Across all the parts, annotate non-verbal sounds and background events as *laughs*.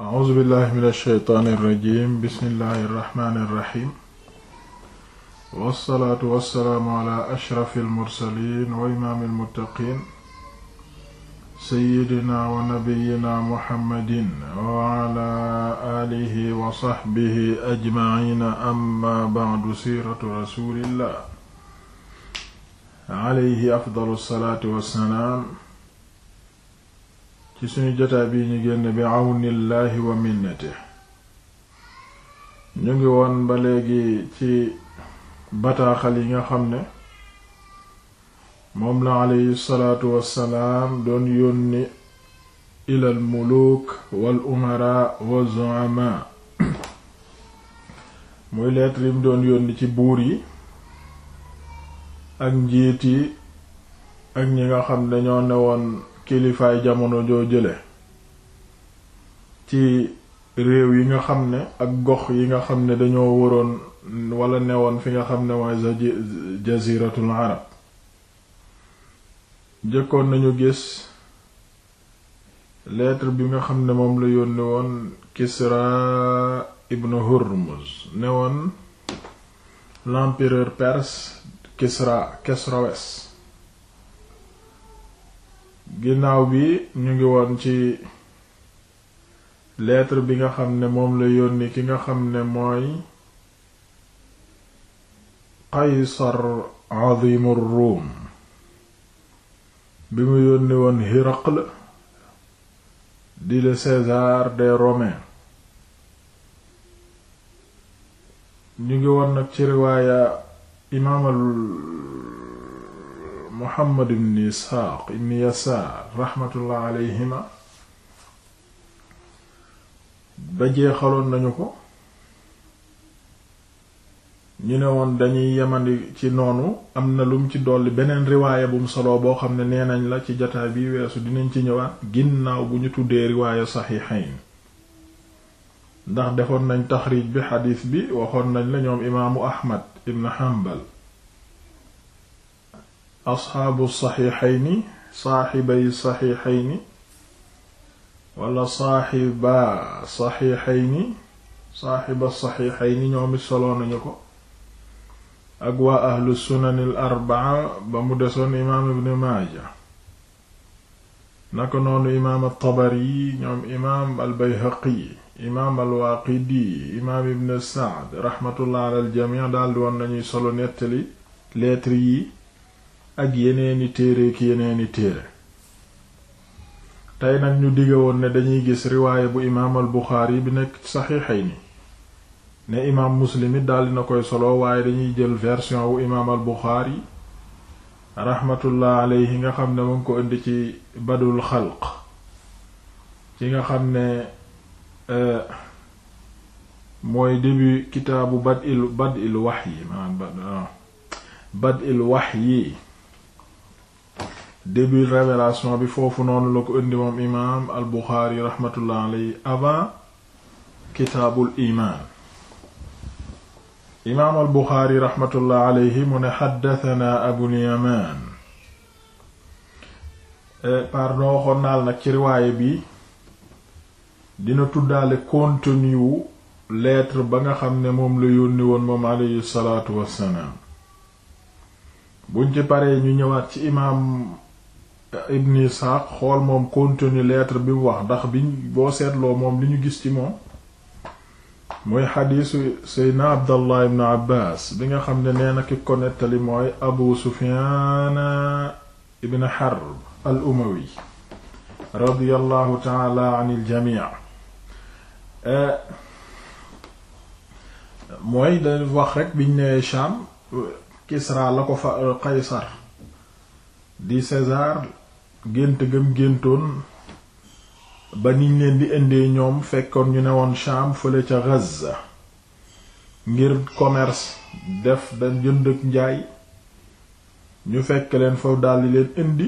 a'uuzu billahi min alsheytaani irrajim bismillahi irrahmani irrahim wassalaatu wassalaamu ala ashraf almursalin wa imaam almuttaqin seyidina wa nabiyina muhammadin wa ala alihi wa saxbihi ajmaciina amma bacdu siiratu rasulillah alayhi afdalu salaatu wassalaam ci suñu jotaa bi ñu génn bi àwnillaahi wa minnati ñu ngi woon ba léegi ci bataaxal yi nga xam ne moom la aleyhi salaatu wassalaam doon yónni ilal muluk wal umara wa zuama muy lettre yim doon yónni ci buur yi ak njiit yi ak ñi nga xam ne ñoo newoon kilifaay jamono joo jële ci réew yi nga xam ne ak gox yi nga xam ne dañoo waroon wala newoon fi nga xam ne mooy jaziratul arab jëkkoon nañu gis lettre bi nga xam ne moom la yónni woon Kisra ibn Hurmuz newoon l'empereur perse Kisra Kesrawes ginnaaw bi ñu ngi woon ci leetre bi nga xam ne moom la yónni ki nga xam ne mooy qaysar azimur ruum bi mu yónni woon hiraql di le César des Romains ñu ngi woon nag ci riwaaya imaamal Muhammad ibn Isxaaq ibn Yasaar raxmatullah alayhima ba jeexaloon nañu ko ñu ne woon dañuy yemandi ci noonu am na lum ci dolli beneen riwaaya bum solo boo xam ne nee nañ la ci jataay bi weesu dinañ ci ñëwaat ginnaaw bu ñu tuddee riwaaya saxiixayn ndax defoon nañ taxriij bi xadiis bi waxoon nañ la ñoom imaamu Ahmad ibn Hanbal asxaabu saxiixayni saaxibay saxiixayni wala saaxiba saxiixayni saaxiba saxiixayni ñoomi soloo nañu ko ak waa ahlu sunani l arbaa ba mu desoon imaam ibn maaja naka noonu imaam altabari ñoom imaam albayhaqi imaam alwaaqidi imaam ibn saad raxmatullah ala aljamic daal di woon nañuy solo nettali lettre yi ak yeneeni téere ki yeneeni téere tey nag ñu digge woon ne dañuy gis riwaayé bu imaam al bi nekk saxiixayni ne imaam muslim it daldi na koy solo waaye dañuy jël version wu imaam al buxaari raxmatullah alayhi nga xam ne mu ngi ko indi ci badul xalq ci nga xam ne e, mooy début kitaabu bad il ah, bad il wax yi bad il wax yi début révélation bi foofu noonu la ko indi moom imaam al buxaari rahmatullah alayhi avant kitaabul imaan imaam al buxaari rahmatullah mu ne xaddatanaa abul yamaan eh, pardon waxoon naal nag ci riwaaye bi dina tuddaale contenu wu lettre ba nga xam ne moom la yónni woon moom alayhi salaatu wassalaam buñ ci paree ñu ñëwaat ci imaam Ibn Isxaaq xool moom contenu lettre bi mu wax ndax bi boo seetloo moom li ñu gis ci moom muy xadiisu seydna Abdallah ibn Abbaas bi nga xam ne nee na ki ko nettali mooy Abu Sufyaan ibn Harb al-Umawi radiyallahu taala anil jamii e, mooy da wax rek biñ nee Shaam Kisra la ko fa Qaysar di César gént gëm géntoon ba niñ leen di indee ñoom fekkoon ñu ne woon Sham fële ca Gaza ngir commerce def da jënd ak njaay ñu fekk leen foofu daldi leen indi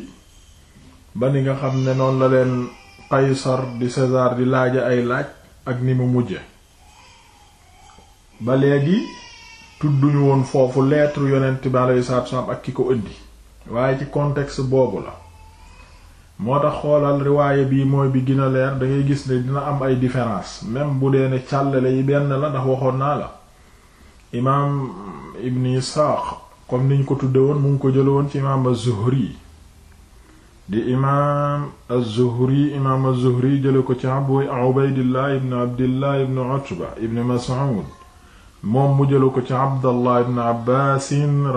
ba ni nga xam ne noonu la leen Qaysar di César di laaja ay laaj ak ni mu mujje ba léegi tudduñu woon foofu lettre yonent bi alayhi salaatu wassalaam ak ki ko indi waaye ci contexte boobu la moo tax xoolal riwaaye bii mooy bi gën a leer da ngay gis ne dina am ay différence même bu dee ne càllale yi benn la ndax waxoon naa la imaam ibn Isaaq comme niñ ko tudde woon mu ngi ko jële woon ci imaam az-Zuhri di imaam az-Zuhri imaam ko ci Abu Ubaydillah ibn Abdillah ibn Utba ibn Mas'ud moom mu jële ko ci Abdallah ibn Abbaas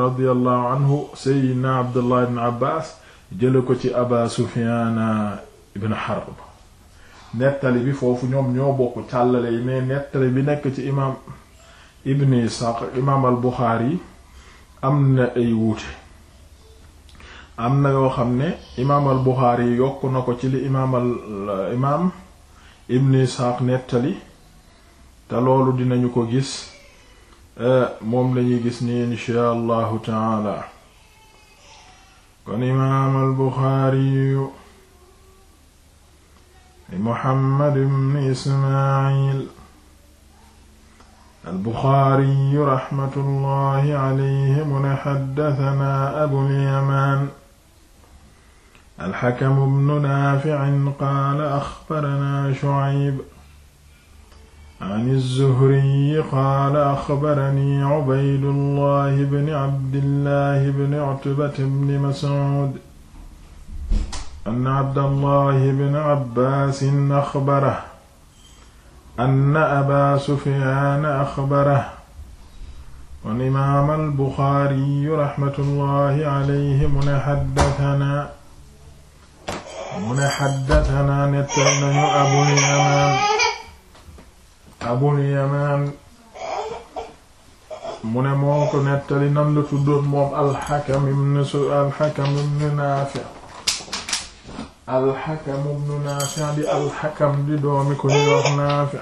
radiyallahu anhu sayyidina Abdallah ibn Abbaas jële ko ci aba sufiana ibn harb nettali bi foofu ñoom ñoo bokk càllale yi mais nettali bi nekk ci imaam ibn isxaaq imaam al am na ay wuute am na yoo xam ne imaam al yokk na ko ci li imaam al imaam ibn isxaaq nettali te loolu dinañu ko gis eh, moom lañuy gis ni insha allahu taala kon imaam albuxaariyu muhammad ibn ismail albuxaariyu raxmatullahi alayhi mu ne xaddatanaa abulyamaan alxakamu bnu naaficin qaala axbaranaa shucayb an az-Zuhri qaala axbarani Ubaydullah ibn Abdillah ibn Utba ibn Mas'ud anna Abdallah ibn Abbas axbarahu anna Aba Sufyaan axbarahu kon imaam al-Buxaari raxmatullahi alayhi mu ne xaddatanaa mu ne xaddatanaa nettal nañu Abul Yamaan abul yamaan mu ne moo ko nettali nan la tuddoon moom alxakam ibn su alxakam ibn naafi alxakam ibn naafi di alxakam di doomi ku ñuy wax naafi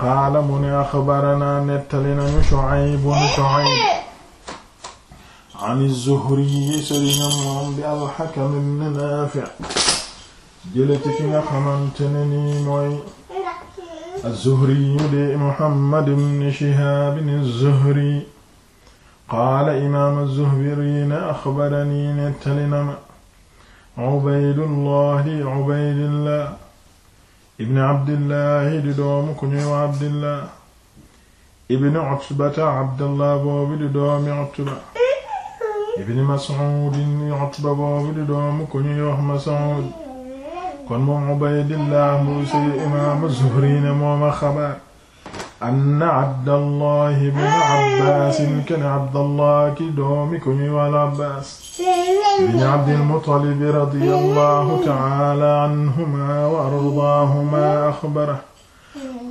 qaala mu ne axbaranaa nettali nañu Shuaybu Shuayb an az-Zuhri sëriñam moom di alxakam ibn naafi jële ci ki nga xamante ne nii mooy az-Zuhri di Muhammad ibn Shihab az-Zuhri qaala imaam az-Zuhri ne axbarani nettali na ma Ubaydullah di Ubaydillah ibn Abdillah di doomu ku ñuy wa Abdillah ibn Utbata Abdallah boobu di doomi Utba ibn Mas'ud Utba boobu di doomu ku ñuy wax Mas'ud kon moom Ubaydillah mu si imaam Zuhri ne moom a xabaar anna Abdallah ibn Abbaas kan Abdallah ki doomi ku ñuy wal Abbaas bin Abdil Muttalib radiyallahu ta'ala anhumaa wa ardaahumaa axbarahu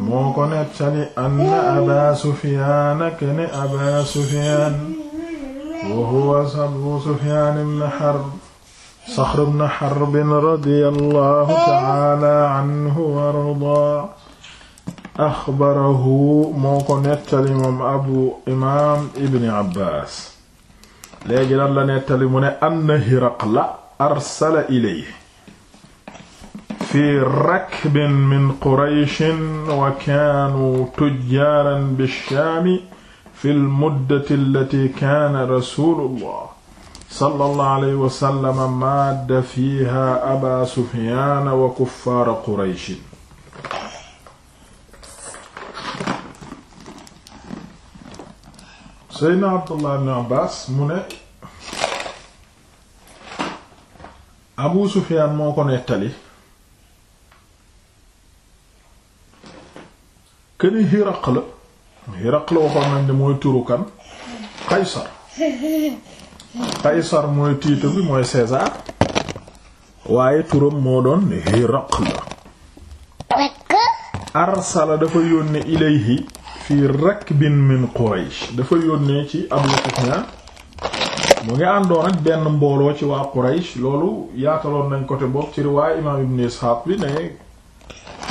moo ko nettali anna Abaa Sufyaan kan Abaa Sufyaan wa huwa Abu Sufyaan ibn Harb Saxr ibn Harb radiyallahu ta'ala anhu wa ardaa axbarahu moo ko nettali moom abu imaam ibn Abbaas léegi lan la nettali mu ne anna Hiraqla arsala ilayhi fi rakbin min Qurayshin wa kaanuu tujjaaran bi-shaami fi al-muddati allatii kaana rasuulullah sallallahu alayhi wa sallam maadda fiiha aba sufyaan wa kuffaara quraysh seydna abdullah ibn abbas mu ne abu sufyaan moo ko nettali këni hiraqla hiraqla waxoon nañ ne mooy turukan qaysar *laughs* Qaysar mooy titre bi mooy César waaye turam moo doon Hiraql arsala dafa yónnee ilayhi fi rakbin min Quraysh dafa yónnee ci Abu Sufyan mu ngi àndoon ak benn mbooloo ci waa Quraysh loolu yaataloon nañ côté boobu ci riwaaya imaam Ibn Ishaq bi ne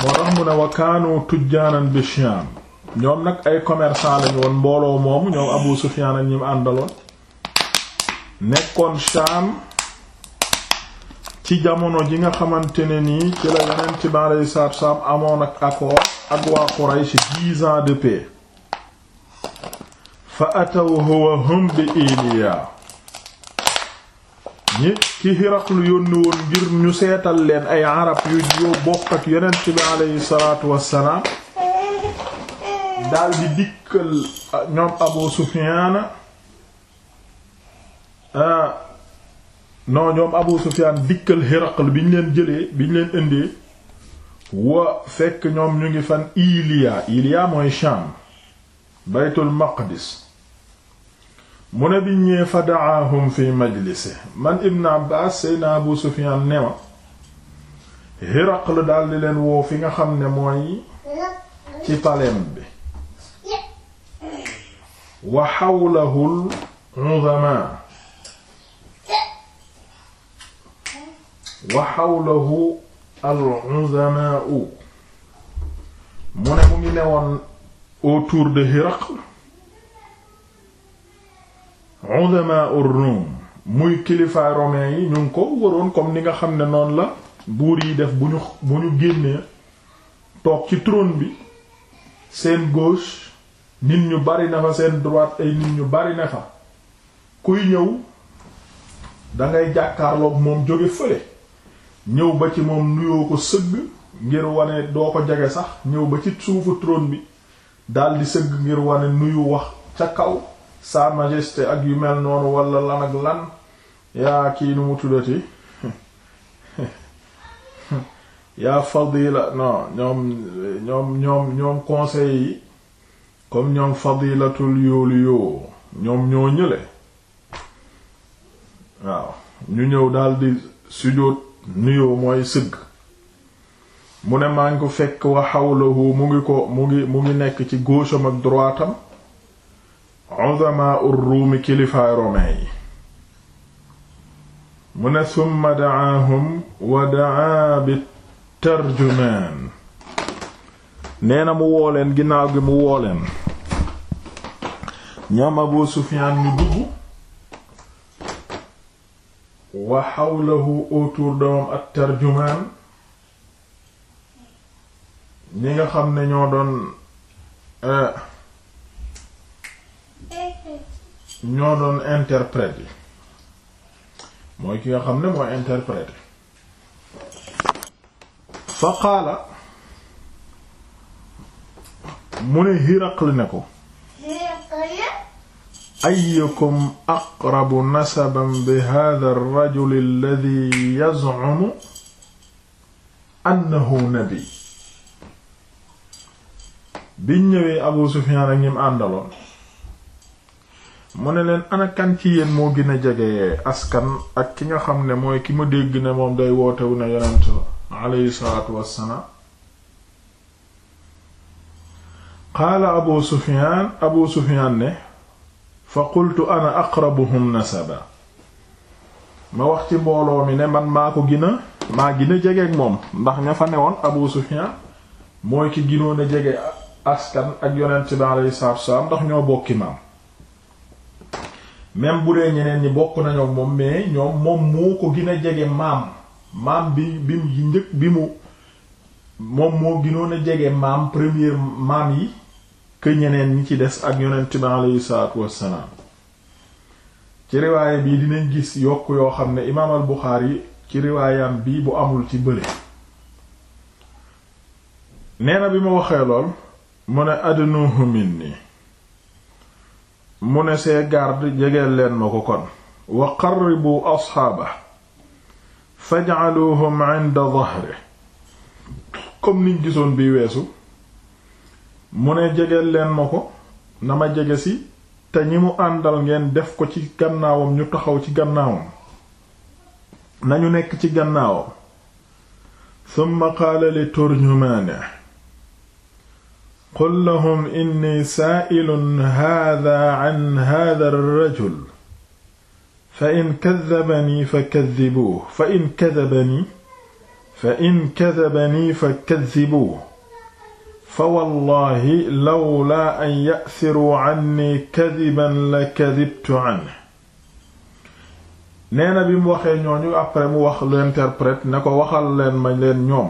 moo tax mu ne wa kaanu tujjaanan bi ñoom nag ay commerçant lañu woon mbooloo moomu ñoom Abu Sufyan ak ñi mu àndaloon nekkoon Shaam ci jamono ji nga xamante ne nii ci la Yonent bi amoon ak accord ak waa Quraysh dix ans de paix fa atawhu wa hum Iliya ñi ki Hiraqlu yónni woon ngir ñu seetal leen ay arab yu yoo bokk ak Yonent bi alayhi salaatu wassalaam dikkal ñoom Abu Sufyaan Ah. non ñoom Abu Sufyaan dikkal Hiraql bi ñu leen jëlee bi ñu leen indee wa fekk ñoom ñu ngi fan Iliya Iliya mooy Sham baytul maqdis mu ne bi ñee fa daahum fi majlise man ibn Abbaas seyna Abu Sufyaan ne ma Hiraql daal leen woo fi nga xam ne mooy ci paleem bi wa xawlahul uzamaa wa xawlahu al-uzamaa mu ne mu ngi newoon autour de Hiraql uzamaa ar-Rum muy kilifaay romain yi ñu ngi ko waroon comme ni nga xam ne noonu la buur yi def bu ñu bu ñu génnee toog ci trône bi seen gauche nit ñu bari na fa seen droite ay nit ñu bari na fa kuy ñëw dangay jàkkaarloog moom jóge fële ñëw ba ci moom nuyoo ko sëgg ngir wane doo ko jege sax ñëw ba ci suufu trône bi daldi sëgg ngir wane nuyu wax ca kaw sa majesté ak yu mel noonu wala lan ak lan yaa kii nu mu tuddati *laughs* yaa fadila non ñoom ñoom ñoom ñoom yi comme ñoom fadilatul yoolu yoo ñoom ñoo ñële waaw ñu ñëw daldi sujjóot nuyoo mooy sëgg mu ne maa ngi ko fekk wa xawlahu mu ngi ko mu ngi mu ngi nekk ci gauche am ak droite am uzama ur mu ne summa daahum wa daa bi tarjumaan nee mu wooleen ginnaaw gi mu wooleen ñoom Abu Sufyaan ñu wa xawlahu autour de moom ak tarjumaan ñi nga xam ne ñoo doon eh, ñoo doon interprète mooy ki nga xam ne mooy interprète fa qaala mu ne Hiraql ne ko ayukum aqrabu nasaban bi hada rajul alladi yazcumu annahu nabi biñ ñëwee abu sufiyaan ak ñim àndaloon mu ne leen anakan ci yéen moo gën a jege askan ak ki nga xam ne mooy ki ma dégg ne moom day wootewu ne yonent la salaatu wassalaam qaala abu sufiyaan abu sufiyaan ne fa qultu ana aqrabuhum nasaba ma wax ci mbooloo mi ne man maa ko gina maa gën a jegeeg moom ndax ña fa newoon Abu Sufyan mooy ki ginoon a jege askan ak yonent bi alayhi salaatu wassalaam ndax ñoo bokki maam même bu dee ñeneen ñi bokk nañoo moom mais ñoom moom moo ko gën jege maam maam bi bi njëkk bi mu moom moo ginoon a jege maam première maam yi que ñeneen ñi ci des ak yonent bi aleyhi salaatu wassalaam ci riwaaye bii dinañ gis yokk yoo xam ne imaam al Buxaari ci riwaayam bii bu amul ci bële nee na bi ma waxee lool mu ne adnuhu minni mu ne see garde jegeel leen ma ko kon wa qarribu asxaaba faj'aluhum 'inda dhahri comme niñ gisoon bi weesu mu ne jegeel leen ma ko na ma jege si te ñi mu àndal ngeen def ko ci gannaawam ñu taxaw ci gannaawam nañu nekk ci gannaawam summa qaala li turjumaane qul lahum inni saailun haada an haada arrajul fa in kadabanii fa kadibuuh fa in kadabanii fa in kadabanii fa kadibuuh fa wallahi lawla an ya'thiruu anni kadiban la kadibtu anhu nee na bi mu waxee ñooñu après mu wax l'interprète ne ko waxal leen ma leen ñoom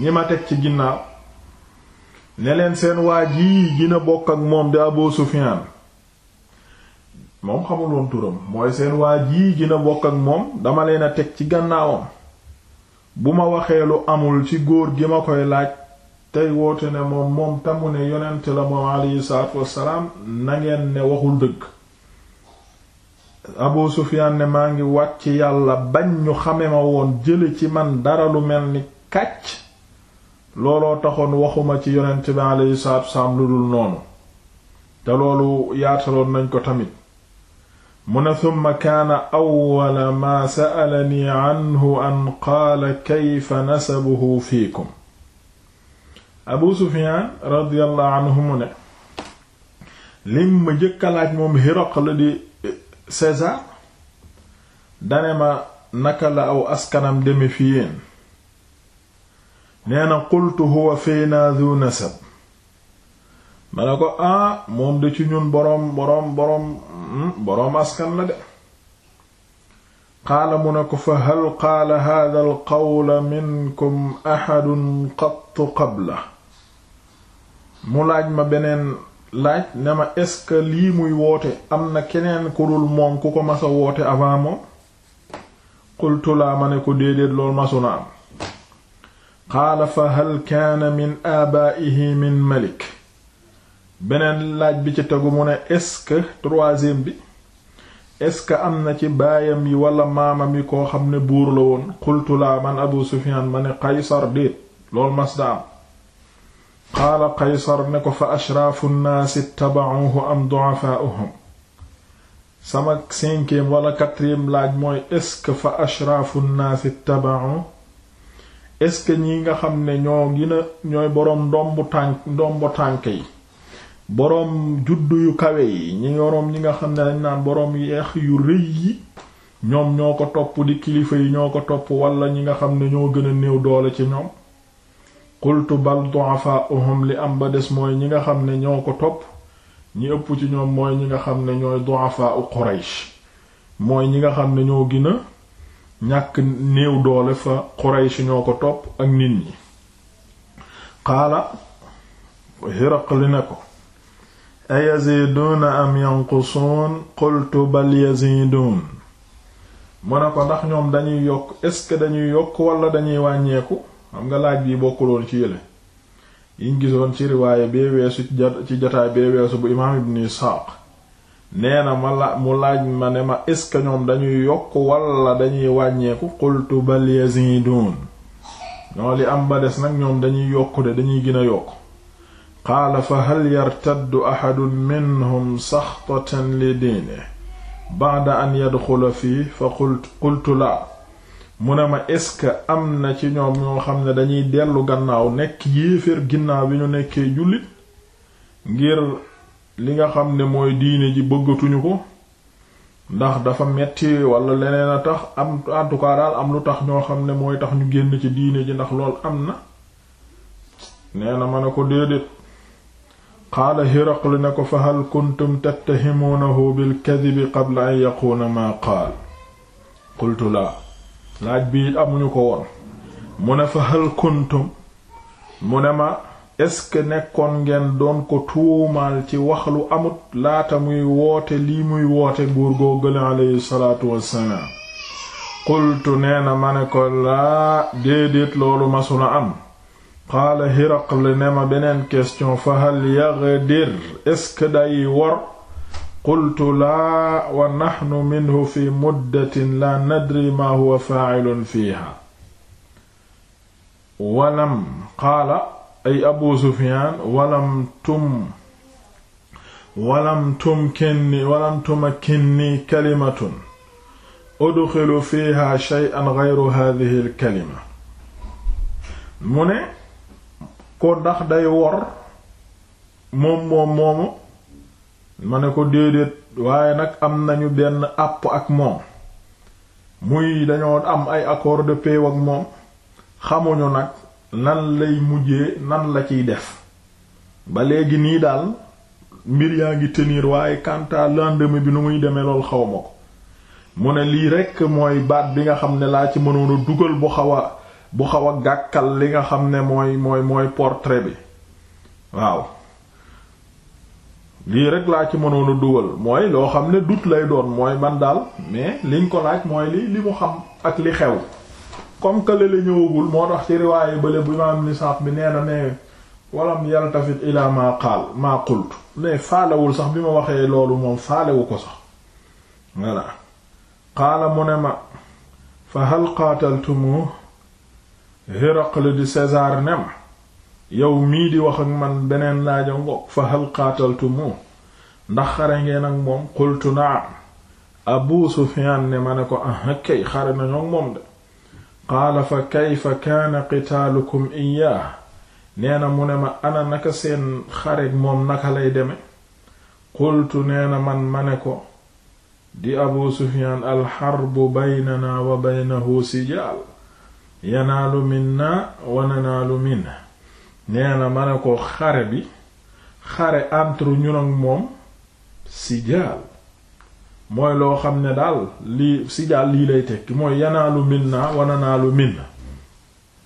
ñi ma teg ci ginnaaw ne leen seen waa ji gina bokk ak moom di Abu Sufyaan moom xamul woon turam mooy seen waa ji gina bokk ak moom dama leen a teg ci gannaawam bu ma waxee lu amul ci góor gi ma koy laaj tey woote ne moom moom tamu ne yonent la moom alayhi salaatu ne waxul dëgg Abu Sufyaan ne maa ngi wàcc ci yàlla bañ ñu xame ma woon jële ci man dara lu mel ni kàcc looloo taxoon waxuma ci yonent bi alayhi salaatu wassalaam lu dul noonu te loolu yaataloon nañ ko tamit mu ne summa kaana awwala maa sa'alanii anhu an qaala kayfa nasabuhu fiikum abu sufiyaan radiyallahu mu ne lim ma jëkka laaj moom Hiraql di e, César dane ma naka aw askanam deme fi yéen na qultu huwa fiina zu nasab ma ne ko a ah, moom de ci ñun boroom boroom boroom hmm, boroom askan la de qaala mu ne ko fa hal qaala hada alqawla minkum axadun qattu qabla mu laaj ma beneen laaj ne ma est lii muy woote am na keneen ku dul moom ku ko masa woote avant moom qultu laa ma ne ko déedéet loolu masuna am qaala fa hal kaana min aabaa'ihi min malik beneen laaj bi ci tegu mu ne est-ce que bi est-ce que am na ci baayam yi wala maamam yi koo xam ne buur la woon qultu laa man abu sufiyaan ma ne qaysar déet loolu mas da am qaala qaysar ne ko fa ashraafu nnaasi tabauhu am duafaauhum sama cinquième wala quatrième laaj mooy est fa ashraafu nnaasi tabau est-ce ñi nga xam ne ñoo gën a ñooy boroom ndombu ndombo tànk yi boroom juddu yu kawe yi ñi woroom ñi nga xam ne dañ naan boroom yeex yu rëy yi ñoom ñoo ko topp di kilifa yi ñoo ko topp wala ñi nga xam ne ñoo gën a néew doole ci ñoom qultu bal du'afaa'uhum li am ba des mooy ñi nga xam ne ñoo ko topp ñi ëpp ci ñoom mooy ñi nga xam ne ñooy du'afaa'u Quraysh mooy ñi nga xam ne ñoo gën a ñàkk néew doole fa Quraysh ñoo ko topp ak nit ñi qaala Hiraql ne ko ayaziduuna am yanqusuun qultu bal yaziduun mu ne ko ndax ñoom dañuy yokk est-ce que dañuy yokk wala dañuy wàññeeku xam nga laaj bi bokkuloon ci yële yiñ gisoon ci riwaaye bee weesu ci jataay bee weesu bu imaam ibn Isxaaq nee na ma mu laaj ma ne ma est-ce que ñoom dañuy yokk wala dañuy wàññeeku qultu bal yaziduun ñoo li am ba des nag ñoom dañuy yokk de dañuy gën a yokk qaala fa hal yartaddu axadun minhum saxtatan li diine baada an yadxula fii fa qultu laa mu ne ma est-ce am na ci ñoom ñoo xam ne dañuy dellu gannaaw nekk yéeféer ginnaaw bi ñu nekkee jullit ngir li nga xam ne mooy diine ji bëggatuñu ko ndax dafa metti wala leneen a tax am en daal am lu tax ñoo xam ne mooy tax ñu génn ci diine ji ndax lool am na nee na ma ko déedéet qaala Hiraql ne ko fa hal kuntum tattahimuunahu bil kadibi qabla an yaquuna maa qaal qultu laa laaj bi amuñu ko woon mu ne fa hal kuntum mu ne ma est-ce nekkoon ngeen doon ko tuumaal ci wax lu amut laata muy woote lii muy woote buur goo gële aleyhi salaatu wassalaam qultu nee na ma ne ko laa déedéet loolu masula am qaala Hiraql ne ma beneen question fa hal yaghdir est-ce que day wor qultu laa wa naxnu minhu fi muddatin la nadri ma huwa faa'ilun fiiha walam qaala ay abu sufyaan walam tum walam tumkinni walam tumakkinni kalimatun udxilu fiiha shay'an ghayra haadhihi al-kalima mu ne ko ndax day wor moom moom moomu ma ne ko déedéet waaye nag am nañu benn àpp ak moom muy dañoo am ay accord de paix ak moom xamuñu nag nan lay mujjee nan la ciy def ba léegi nii daal mbir yaa ngi tenir waaye quant à bi nu muy demee lool xaw ma ko mu ne lii rekk mooy baat bi nga xam ne laa ci mënoon a dugal bu xaw a bu xaw a gàkkal li nga xam ne mooy mooy mooy portrait bi waaw lii rek laa ci mënoon a dugal mooy loo xam ne dut lay doon mooy man daal mais liñ ko laaj mooy li li mu xam ak li xew comme que la ñëwagul moo tax ci riwaaye bële bu imaam nisaaf bi nee na ne walam yaltafit ila ma qaal ma qultu ne faalewul sax bi ma waxee loolu moom faalewu ko sax voilà qaala mu ne ma fa hal qataltumu Hiraql di César ne ma yow mii di wax ak man beneen laaja ngoog fa hal qataltumu ndax xare ngeen ak moom qultu na'am Abu Sufyan ne ma ne ko ah kay xare nañoo ak moom de qaala fa kayfa kaana qitaalukum iyyah nee na mu ne ma ana naka seen xareeg moom naka lay deme qultu nee na man ma ne ko di Abu Sufyan alxarbu baynana wa baynahu sijaal yanaalu minna wa nanaalu minna nee na ma ne ko xare bi xare entre ñun ak moom sijaal mooy loo xam ne daal lii sijaal lii lay tekki mooy yanaalu minna wa nanaalu minna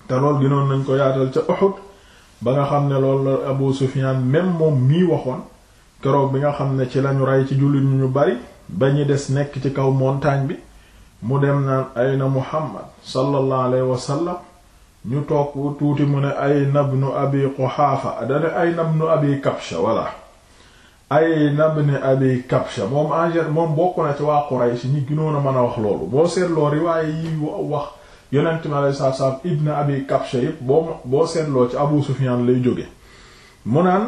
te lool ginoon nañ ko yaatal ca Uhud ba nga xam ne loolu la Abu Sufyaan même moom mii waxoon keroog bi nga xam ne ci lañu rey ci jullit ñu ñu bari ba ñu des nekk ci kaw montagne bi mu dem naan ayna muhammad sallallahu alayhi wasallam ñu toog tuuti mu ne ay ibnu abi quhaafa dane ayna ibnu abi kabsha walla ay ibnu abi kabsha moom angel moom bokk na ci waa quraysh ñi ginoon a mën a wax loolu boo seetloo riwaaye yi wax yonent mi alayhi salaatu salaam ibnu abi kabsha yépp boo seetloo ci abu sufyaan lay jóge mu naan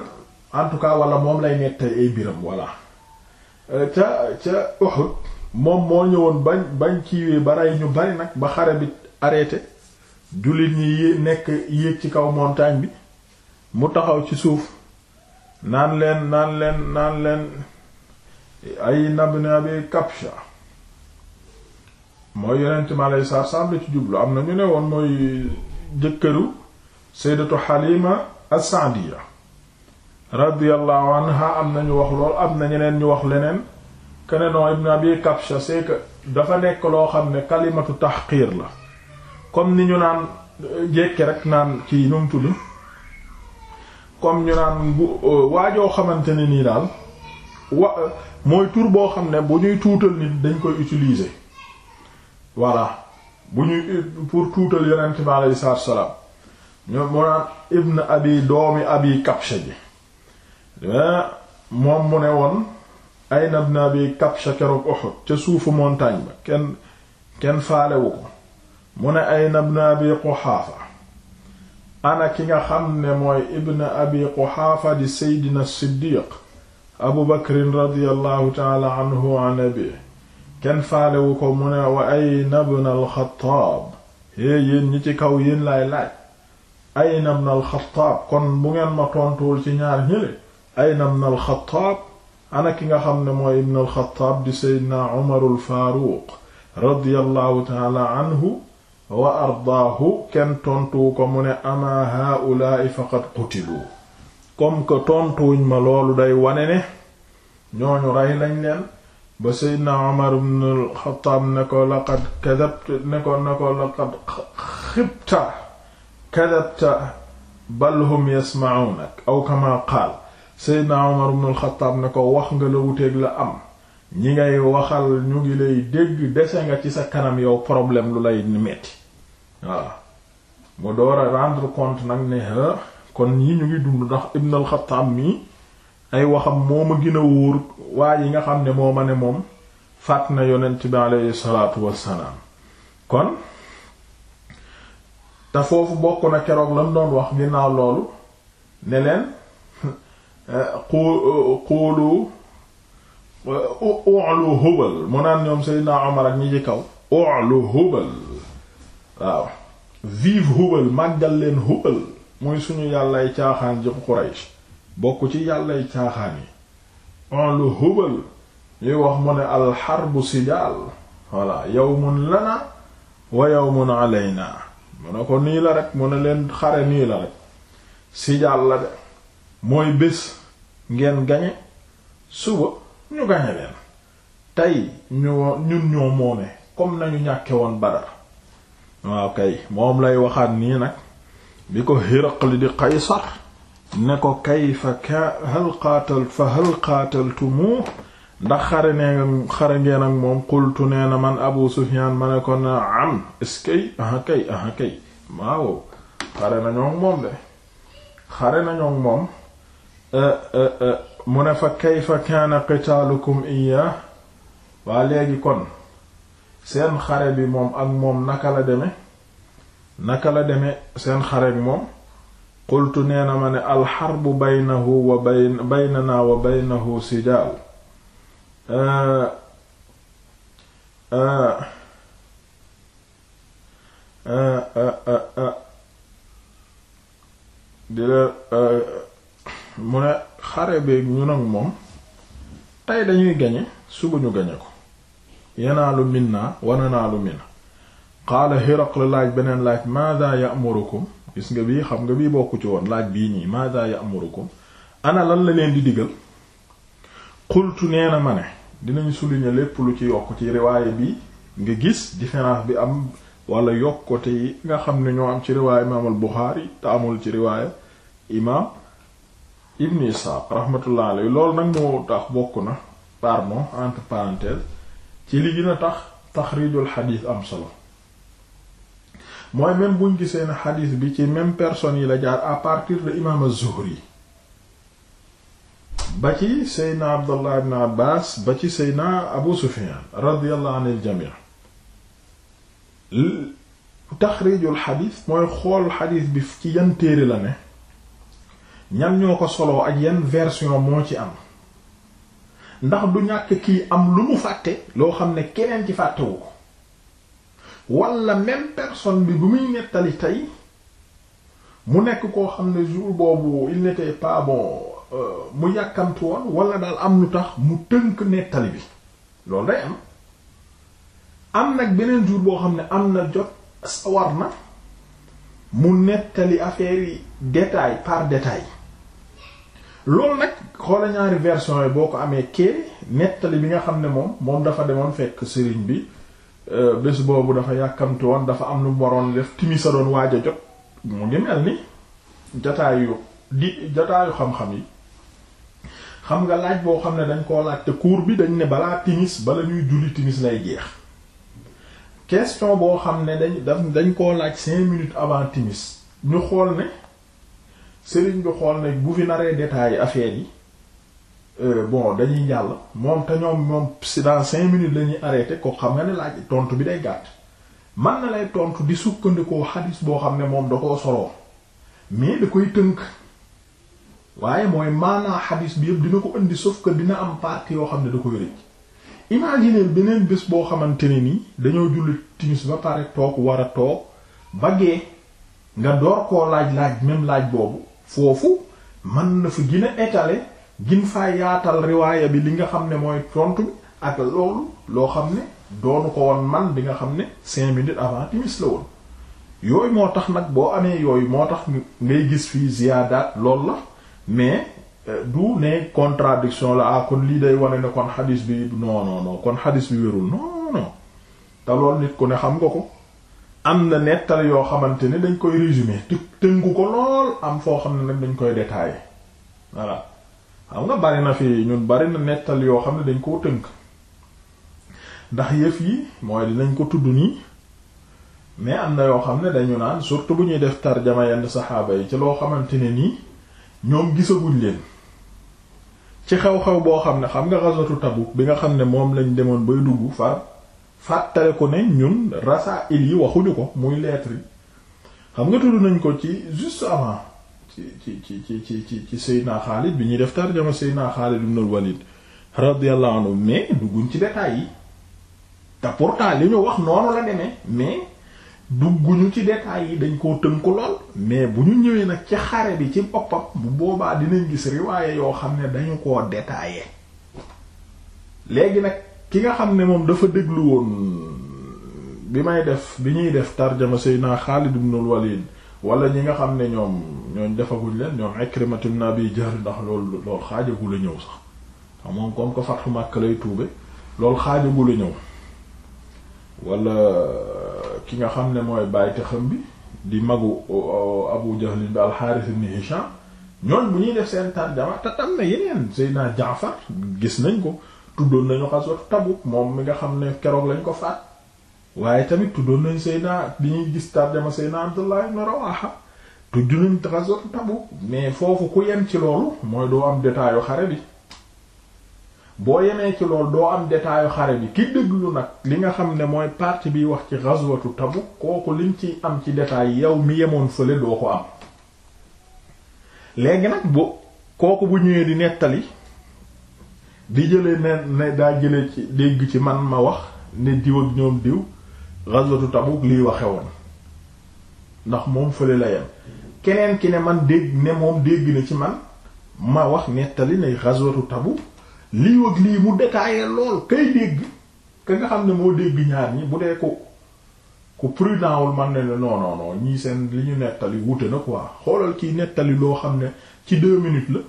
en tout cas wala moom lay nettay ay biram walla euh, ca ca uhud moom moo ñëwoon bañ bañ kiiwee ba rey ñu bari nag ba xare bi arrêté jullit ñi nekk yéeg ci kaw montagne bi mu taxaw ci suuf naan leen naan leen naan leen ay nab na bi kapsha mooy yonent mi aleyhi salaatu ci jublu am na ñu ne woon mooy jëkkëru sayyidatu Halima as-Sa'diya radiyallahu anha am na ñu wax lool am na ñeneen ñu wax leneen kene non ibn abi kabsha c'est dafa nekk loo xam ne kalimatu xiir la comme ni ñu naan euh, jekke rek naan ci nu mu tudd comme ñu naan bu euh, waajoo xamante ne nii daal wa euh, mooy tur boo xam ne bu ñuy tuutal nit dañ koy utiliser voilà bu ñuy pour tuutal yonent bi aleyhi salaatu salaam ñu mu naan abi doomi abi kabsha ji eh, moom mu ne woon ayna ibn abi kabsha keroog Uhud ca suufu montagne ba kenn kenn faalewu ko mu ne ayna ibn abi quhaafa ana ki nga xam ne mooy ibn abi quhaafa di seydina siddiq abu bakrin radiallahu taala anhu an kenn faalewu ko mu ne wa ayna ibn alxataab hee yéen ñi ci kaw yéen laay laaj ayna ibn alxataab kon bu ngeen ma tontuwul ci ñaar ñële ayna ibn alxataab ana ki nga xam ne mooy ibn alxataab di seydna umaru alfaaruq radiyallahu taala anhu wa ardaahu kenn tontuwu ko mu ne ama haulaai faqad qutilu comme que tontuwuñ ma loolu day wane ne ñooñu rey lañ leen ba seydna umar ibn alxataab ne ko laqad kadabta ne ko ne ko laqad xibta kadabta bal hum yasma'unak aw kama qaal seydna Umar ibn al-Khattab ne ko wax nga la wuteeg la am ñi ngay waxal ñu ngi lay dégg dese nga ci sa kanam yow problème lu lay metti waaw mu door a rendre compte nag ne kon yi ñu ngi dund ndax ibn al-Khattab mi ay waxam moo ma gën a wóor waaye yi nga xam ne moo ma ne moom faat na yonent bi aleyhi salaatu wassalaam kon te foofu bokk na keroog lan doon wax ginnaaw loolu ne leen xuulu ulu hubal mu naan ñoom Seydina Omar ak ñi ci kaw ulu hubal waaw vive hubal màggal leen hubal mooy suñu yàllay caaxaan ji Quraysh bokk ci yàllay caaxaan yi ulu hubal ñuy wax mu ne alxarbu sijaal voilà yawmun lana wa yawmun alayna mu ne ko nii la rek mu ne leen xare nii la rek sijaal la de mooy bés ngeen gañe suba ñu gañe leen tey ñoo ñun ñoo moome comme nañu ñàkke woon Badar waaw kay moom lay waxaat nii nag bi ko Hiraqli di Qaysar ne ko kay fa ka hal qaatal fa hal qaataltumu ndax xare nee xare ngeen ak moom qultu nee na man Abu Sufyaan ma ne ko na am est aha kay aha kay waaw xare nañoo moom de xare nañoo moom Eh, eh, eh. mu ne fa kayfa kaana qitaalukum iya waa léegi kon seen xare bi moom ak moom naka la deme naka la deme seen xare bi moom qultu nee na ma ne alxarbu baynahu wa baynana wa baynahu sijaal di mu ne xare beeg ñu ak moom tey dañuy gañe suba ñu gañe ko yanaalu minna wa nanaalu minna xaala Hiraql laaj beneen laaj maada ya'murukum gis nga bii xam nga bii bokku ci woon laaj bii ñii maada ya'murukum ana la leen di digal qultu nee na ma ne dinañ souligner lépp lu ci yokk ci riwaayé bi nga gis différence bi am wala yokkute yi nga xam ne ñoo am ci riwaayé imaamul Buxaari te amul ci riwaayé imaam ibn Isaaq rahmatullah alayhi nag moo tax bokk na pardon entre ci li gën tax taxrijul xadiis am solo mooy même buñ gisee ne xadiis bi ci même personne yi la jaar à partir de imaam az-Zuhri ba ci seydna Abdullah ibn Abbas ba ci seydna Abu Sufyan radiyallahu anil jamii taxrijul xadiis mooy xool xadiis bi ci yan téere la ne ñan ñoo ko soloo ak yenn version moo ci am ndax du ñàkk kii am lu mu fàtte loo xam ne keneen ci fàttewu ko wala même personne bi bu muy nettali tey mu nekk koo xam ne jour boobu il n'était euh, mu yàkkamtu woon wala daal am lu tax mu tënk nettali bi loolu day am am nag beneen jour boo xam ne am na jot sawar na mu nettali affaire yi détail par détail loolu nag xoola ñaari version yi boo ko amee kee nettali bi nga xam ne moom moom dafa demoon fekk sëriñ bi euh, bés boobu dafa yàkkamti woon dafa am lu mu waroon def timis a doon waaj jot mu ngi mel ni jataayu di jataayu xam-xam yi xam nga laaj boo xam ne dañ koo laaj te cours bi dañ ne balaa timis bala ñuy julli timis lay jeex question boo xam ne dañ dañ koo laaj cinq minutes avant timis ñu xool ne sëriñ bi xool na bu fi naree détaillé affaire yi euh, bon dañuy jàll moom te ñoom moom si cinq minutes lañuy ñuy arrêté ko xam ne laaj tontu bi day gàtt man na lay tontu di sukkandikoo xadis boo xam ne moom da koo soloo mais da koy tënk waaye mooy maanaa xadis bi yëpp dina ko indi sauf que dina am partie yoo xam ne da koy rëcc imaginer beneen bés boo xamante ne ni dañoo julli timis ba pare toog war a toog baggee nga door koo laaj laaj même laaj boobu foofu man na fa gën a gin faa yaatal riwaaya bi li nga xam ne mooy tontu bi ak loolu loo xam ne doonu ko won man bi nga xam ne cinq minutes avant timis la woon yooyu moo tax nag boo amee yooyu moo tax ngay gis fii ziyaadaat loolu la mais euh, du ne contradiction la ah lii day wane ne kon xadis bi non kon xadis bi wérul non te loolu nit ku ne xam nga ko am na nettal yoo xamante ne dañ koy résumer te tënku ko lool am foo xam ne nag dañ koy détailler voilà xam nga bari na fii ñun bari na nettal yoo xam ne dañ koo tënk ndax yëf yi mooy dinañ ko tudd nii mais am na yoo xam ne dañu naan surtout bu ñuy def tarjama yenn saxaaba yi ci loo xamante ne nii ñoom gisaguñ leen ci xew-xew boo xam ne xam nga ghazwatu Tabuk bi nga xam ne moom lañ demoon bay dugg far fàttale ko ne ñun rasail yi waxuñu ko muy lettre xam nga tudd nañ ko ci juste ci ci ci ci ci ci ci Seydina Xaalid bi ñuy def tarjama Seydina Xaalid ibn al nu radiyallahu anhu mais dugguñ ci détails yi te pourtant li ñu wax noonu la demee mais dugguñu ci détails yi dañ koo tënku lool mais bu ñu ñëwee nag ci xare bi ci boppam bu boobaa dinañ gis riwaaye yoo xam ne dañu koo détaillé léegi nag ki nga xam ne moom dafa déglu woon bi may def bi ñuy def tarjama Seydina Xaalid ibnul Walid wala ñi nga xam ne ñoom ñooñ defaguñ leen ñoom Ikrimatu ibn Abi Jahl ndax loolu loolu xaajagu ñëw sax xam moom comme que Fathu Makka lay tuube loolu xaajagu ñëw wala ki nga xam ne mooy bàyyite xam bi di magu Abu Jahl bi al-Harith Hisham ñooñ bu ñuy def seen tarjama te tam na yeneen Seydina Jaafar gis nañ ko tuddoon nañu xaswat Tabuk moom mi nga xam ne keroog lañ ko faat waaye tamit tuddoon nañ Seydina bi ñuy gis tarjama Seydina Abdullah ibn Rawaha tudd nañ xaswat Tabuk mais foofu ku yem ci loolu mooy doo am détaayu xare bi boo yemee ci loolu doo am détaayu xare bi ki déglu nag li nga xam ne mooy partie bi wax ci xaswatu Tabuk kooku liñ ciy am ci détail yow mi yemoon fële doo ko am léegi nag bu kooku bu ñëwee di nettali di jëlee ne ne daa jëlee ci dégg ci man ma wax ne diw ak ñoom diw ghazwatu Tabuk lii waxe woon ndax moom fële la yem keneen ki ne man dégg ne moom dégg na ci man ma wax nettali ne ghazwatu Tabuk lii ak lii mu détaillé lool kay dégg ka nga xam ne moo dégg ñaar ñi bu dee ko ku prudent wul man ne non non non ñii seen li ñu nettali wute na quoi xoolal kiy nettali loo xam ne ci deux minutes la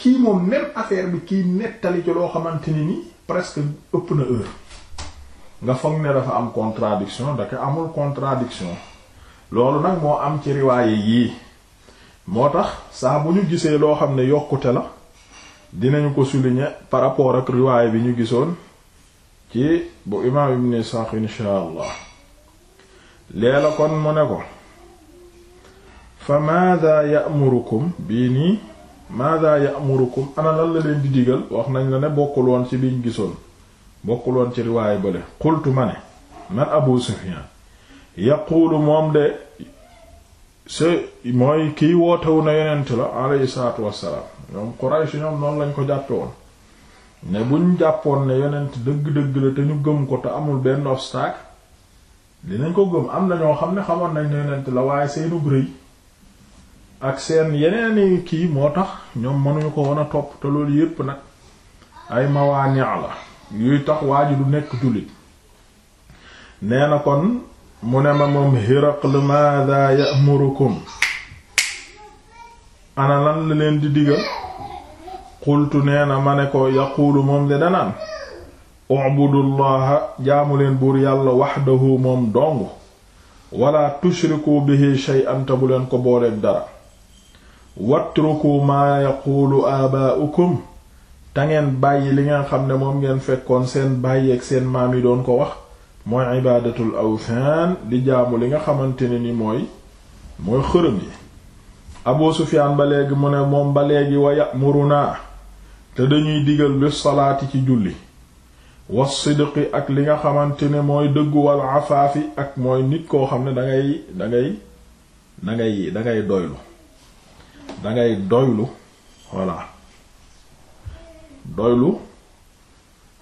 kii moom même affaire bi kii nettali ci loo xamante ni presque ëpp na heure nga foog ne dafa am contradiction daka amul contradiction loolu nag moo am ci riwaaye yii moo tax saa bu ñu gisee loo xam ne yokkute la dinañu ko souligner par rapport ak riwaaye bi ñu gisoon ci bu imaam ibn Isaaq inshaa allah leela kon mu ne ko fa maada ya'murukum bii nii maada ya'murukum ana lan la leen di digal wax nañ la ne bokkul woon ci biñ gisoon bokkul woon ci riwaayu bële qultu ma ne man abu sufyan yaquulu moom de se mooy kiy wootewu na yonent la alayhi salaatu wassalaam ñoom Quraysh ñoom noonu lañ ko jàppe woon ne buñ jàppoon ne yonent dëgg-dëgg la te ñu gëm ko te amul benn obstacle dinañ ko gëm am na ñoo xam ne xamoon nañ ne yonent la waaye seenu rëy ak seen yeneen kii moo tax ñoom mënuñu ko woon a topp te loolu yépp nag ay mawaani la yuy tax waa ji du nekk jullit nee na kon mu ne ma moom Hiraql madha ya'murukum ana lan la leen di digal qultu nee na ma ne ko yaquulu moom de danaan ubudullaha jaamu leen buur yàlla wahdahu moom dong wala tushriku bihi shay'an te bu leen ko booleeg dara watruku maa yaqulu abaaukum te ngeen bàyyi li ngeen xam ne moom ngeen fekkoon seen bàyyi seen maam yi doon ko wax mooy ibaadatul awthan di jaamu li nga xamante ne ni mooy mooy xërëm yi abu sufiyaan ba léegi mu ne moom ba léegi wa ya'muruna te dañuy digal bi salaati ci julli was sidqi ak li nga xamante ne mooy dëgguwal afaafi ak mooy nit koo xam ne dangay dangay dangay dangay doylu dangay doylu voilà doylu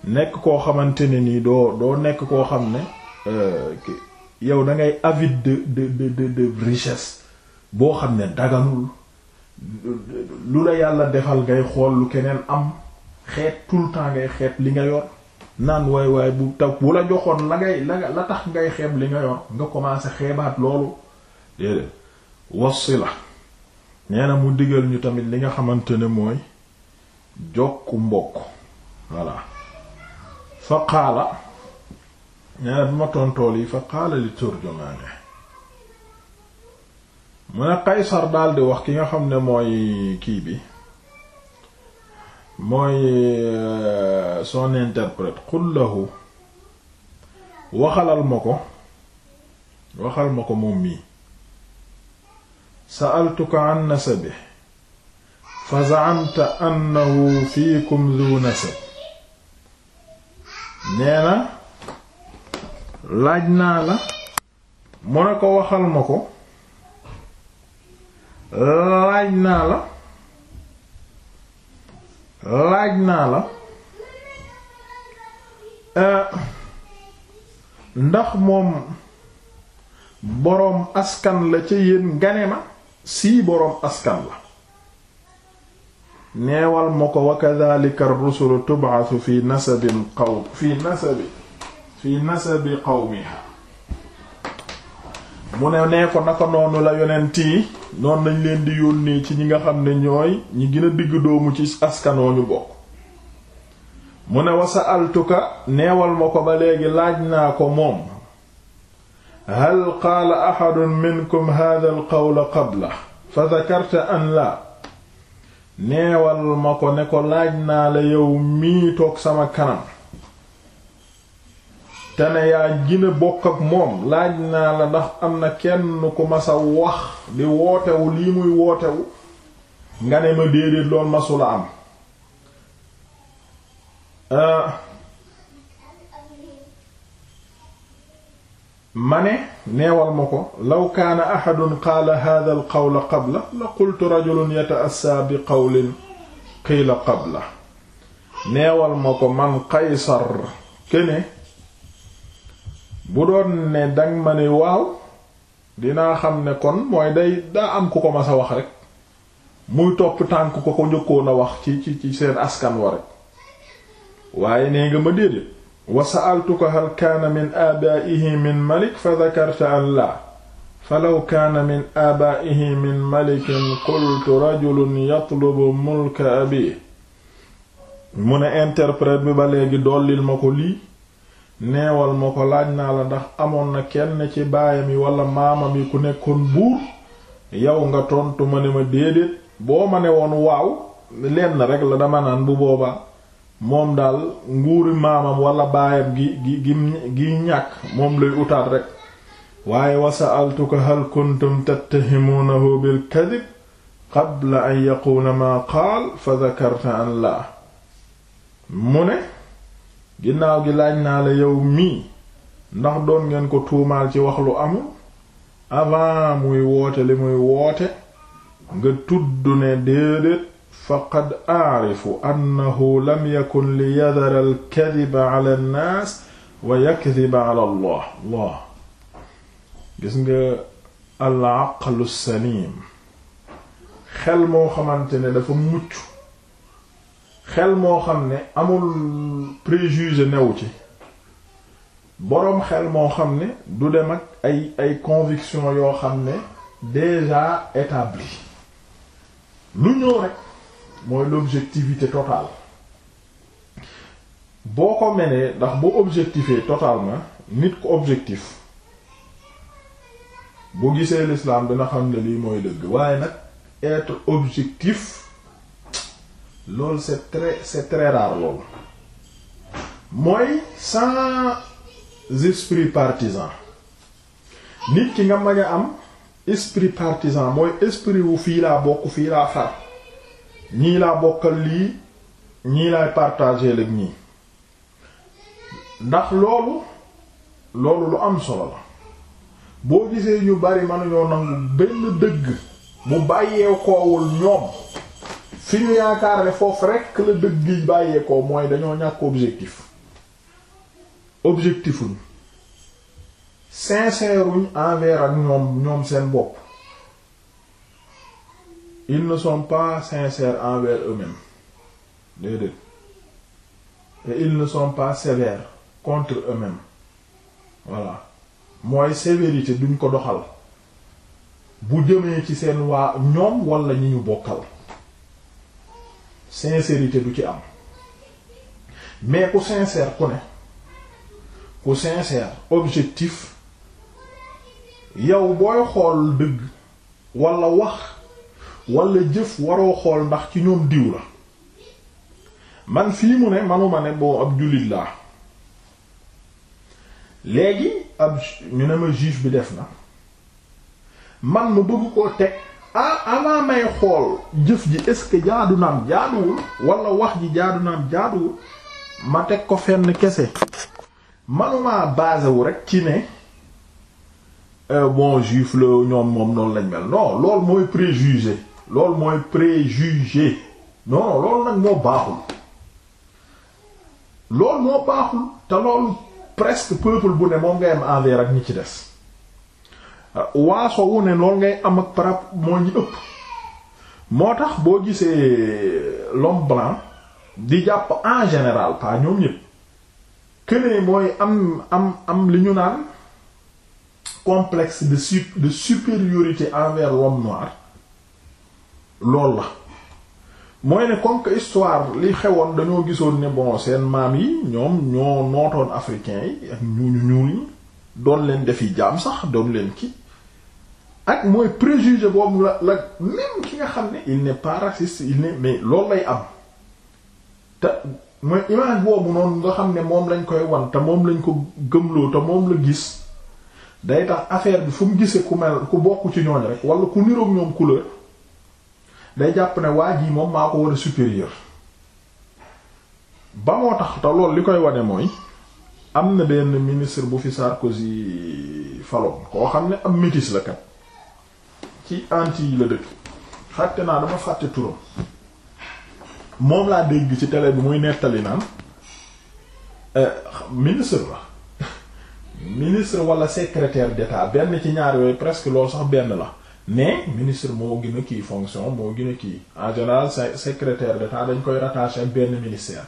nekk koo xamante ne nii doo doo nekk koo xam ne euh, yow dangay ngay avide de de de de richesse boo xam ne daganul lu la yàlla defal ngay xool lu keneen am xeet tout le temps ngay xeet li nga yor naan waay waay bu taw bu la joxoon la ngay la la tax ngay xeet li nga yor nga commencé xeebaat loolu déedéet la nee mu digal ñu tamit li nga xamante ne mooy jokku mbokk voilà fa qaala nee bi ma tontool yi fa qaala li turjumaane mu ne Qaysar daldi wax ki nga xam ne mooy kii bi mooy euh, son interprète qul lahu waxalal ma ko waxal ma ko moom mii sa'altuka an bi fa za'amta annahu fiikum zu nasab nee na laaj naa la mu ne ko waxal ma ko laaj naa la laaj naa la eh, ndax moom boroom askan la ca yéen ngane ma sii boroom askan la neewal ma ko wa kadhalika ar-rusulu tub'athu fi nasabin qawm fi nasabi fi nasabi qawmiha mu ne nee ko naka noonu la yonent yi noonu lañ leen di yónnee ci ñi nga xam ne ñooy ñi gën a digg doomu ci askanoo ñu bokk mu ne wa sa'altuka neewal ma ko ba léegi laaj naa ko moom hal qaala axadun minkum hada alqawla qabla fa dakarta an laa neewal ma ko ne ko laaj naa la yow mii toog sama kanam te ne yaa gina bokk ak moom laaj naa la ndax am na kenn ku masa wax di wootewu lii muy wootewu nga ne ma déedéet lool masula am ma ne neewal ma ko law kaana axadun qaala hada xaw qawla qabla la qultu rajulun yata'assa bi qawlin qiila la neewal ma ko man qaysar kene bu doon ne dang ma ne waaw dinaa xam ne kon mooy day daa am ku ko mas a wax rek muy topp tànk ko ko njëkkoon wax ci ci ci seen askan wa rek waaye nee nga ma déedéet wa sa'altuka hal kaana min aabaa'ihi min malik fa dakarta an laa falaw kaana min aabaa'ihi min malikin qultu rajulun yatlubu mulka abiihi mu ne interprète bi ba léegi dollil ma ko lii neewal ma ko laaj naa la ndax amoon na kenn ci baayam yi walla maamam yi ku nekkoon buur yow nga tontu ma ne ma déedéet boo ma ne woon waaw lenn rekk la dama naan bu boobaa moom daal nguuri maamam wala baayam gi gi gi ñàkk moom lay utaat rekk waaye wa sa'altuka hal kuntum tattahimuunahu xab la qabla an yaquula maa qaal fa dhakarta an mu ne ginnaaw gi laaj naa la yow mii ndax doon ngeen ko tuumaal ci wax lu amul avant muy woote li muy woote nga tudd ne déedéet faqad aarifu annahu lam yakun li yadara alkadiba ala nnaas allah gis nga al aqlu salim xel moo xamante ne dafa mucc xel moo xam ne amul préjugé new ci boroom xel moo xam ne du dem ak ay ay conviction yoo xam ne déjà établi lu ñëw rek mooy l'objectivité totale boo ko menee ndax boo objectifee totalement nit ko objectif bu gisee l'islam dina xam ne lii mooy dëgg waaye nag être objectif loolu c'est très c'est très rare loolu mooy sans esprit partisan nit ki nga mën a am esprit partisan mooy esprit wu fii laa bokk fii laa far ñii laa bokkal lii ñii laay partager ak ñii ndax loolu loolu lu am solo la boo gisee ñu bari mënuñoo nangu benn dëgg mu bàyyeekoowul ñoom fi ñu yaakaar ne foofu rekk la dëgg yi bàyyeekoo mooy dañoo ñàkk objectif objectifuñ sincère wuñ envers ak ñoom ñoom seen bopp ils ne sont pas sincères envers eux-mêmes déedéet et ils ne sont pas sévères contre eux-mêmes voilà mooy sévérité duñ ko doxal bu jëmee ci seen waa ñoom wala ñi ñu bokkal sincérité du ci am mais ku sincère ku ne ku sincère objectif yow booy xool dëgg wala wax wala jëf waroo xool ndax ci ñoom diw la man fii mu ne manuma ne boo ab jullit laa léegi ab ñu ne ma juge bi def na man ma bëgg koo teg ah avant xool jëf ji est-ce que jaadu naam jaaduwul wala wax ji jaadu naam jaaduwul ma teg ko fenn kese manuma basé wu rek ci ne euh, bon juif la ñoom moom noonu lañ mel non loolu mooy préjugé loolu mooy préjugé non non loolu nag moo baaxul loolu moo baaxul te loolu presque peuple bu ne moom ngay am envers ak ñi ci des waaso wu ne loolu ngay am ak parab moo ñu ëpp moo tax boo gisee l'homme blanc di jàpp en général pas ñoom yëpp keneen mooy am am am li ñu naan complex de su de supériorité envers l'homme noir lool la mooy ne comme histoire li xewoon dañoo gisoon ne bon seen maam yi ñoom ñoo nootoon africain yi ak ñu ñuul ñi doon leen def defi jaam sax doon leen ki ak mooy préjugé boobu la la même ki nga xam ne il n'est pas raciste il n'est mais loolu lay am te mooy image boobu noonu nga xam ne moom lañ koy wan te moom lañ ko gëmloo te moom la gis day tax affaire bi fu mu gisee ku mel ku bokk ci ñooñ rek wala ku niroog ñoom couleur day jàpp ne waa jii moom maa ko war a supérieur ba moo tax te loolu li koy wane mooy am na benn ministre bu fi Sarkozy faloon koo xam ne am métis la kat ci Antilles la dëkk xàtte naa dama fàtte turam moom laa dégg ci télé bi muy nettali naan euh, ministre la *laughs* ministre wala secrétaire d'État benn ci ñaari yooyu presque loolu sax benn la mais ministre moo gën a kii fonction moo gën kii en général secrétaire d'état dañ koy rattaché benn ministère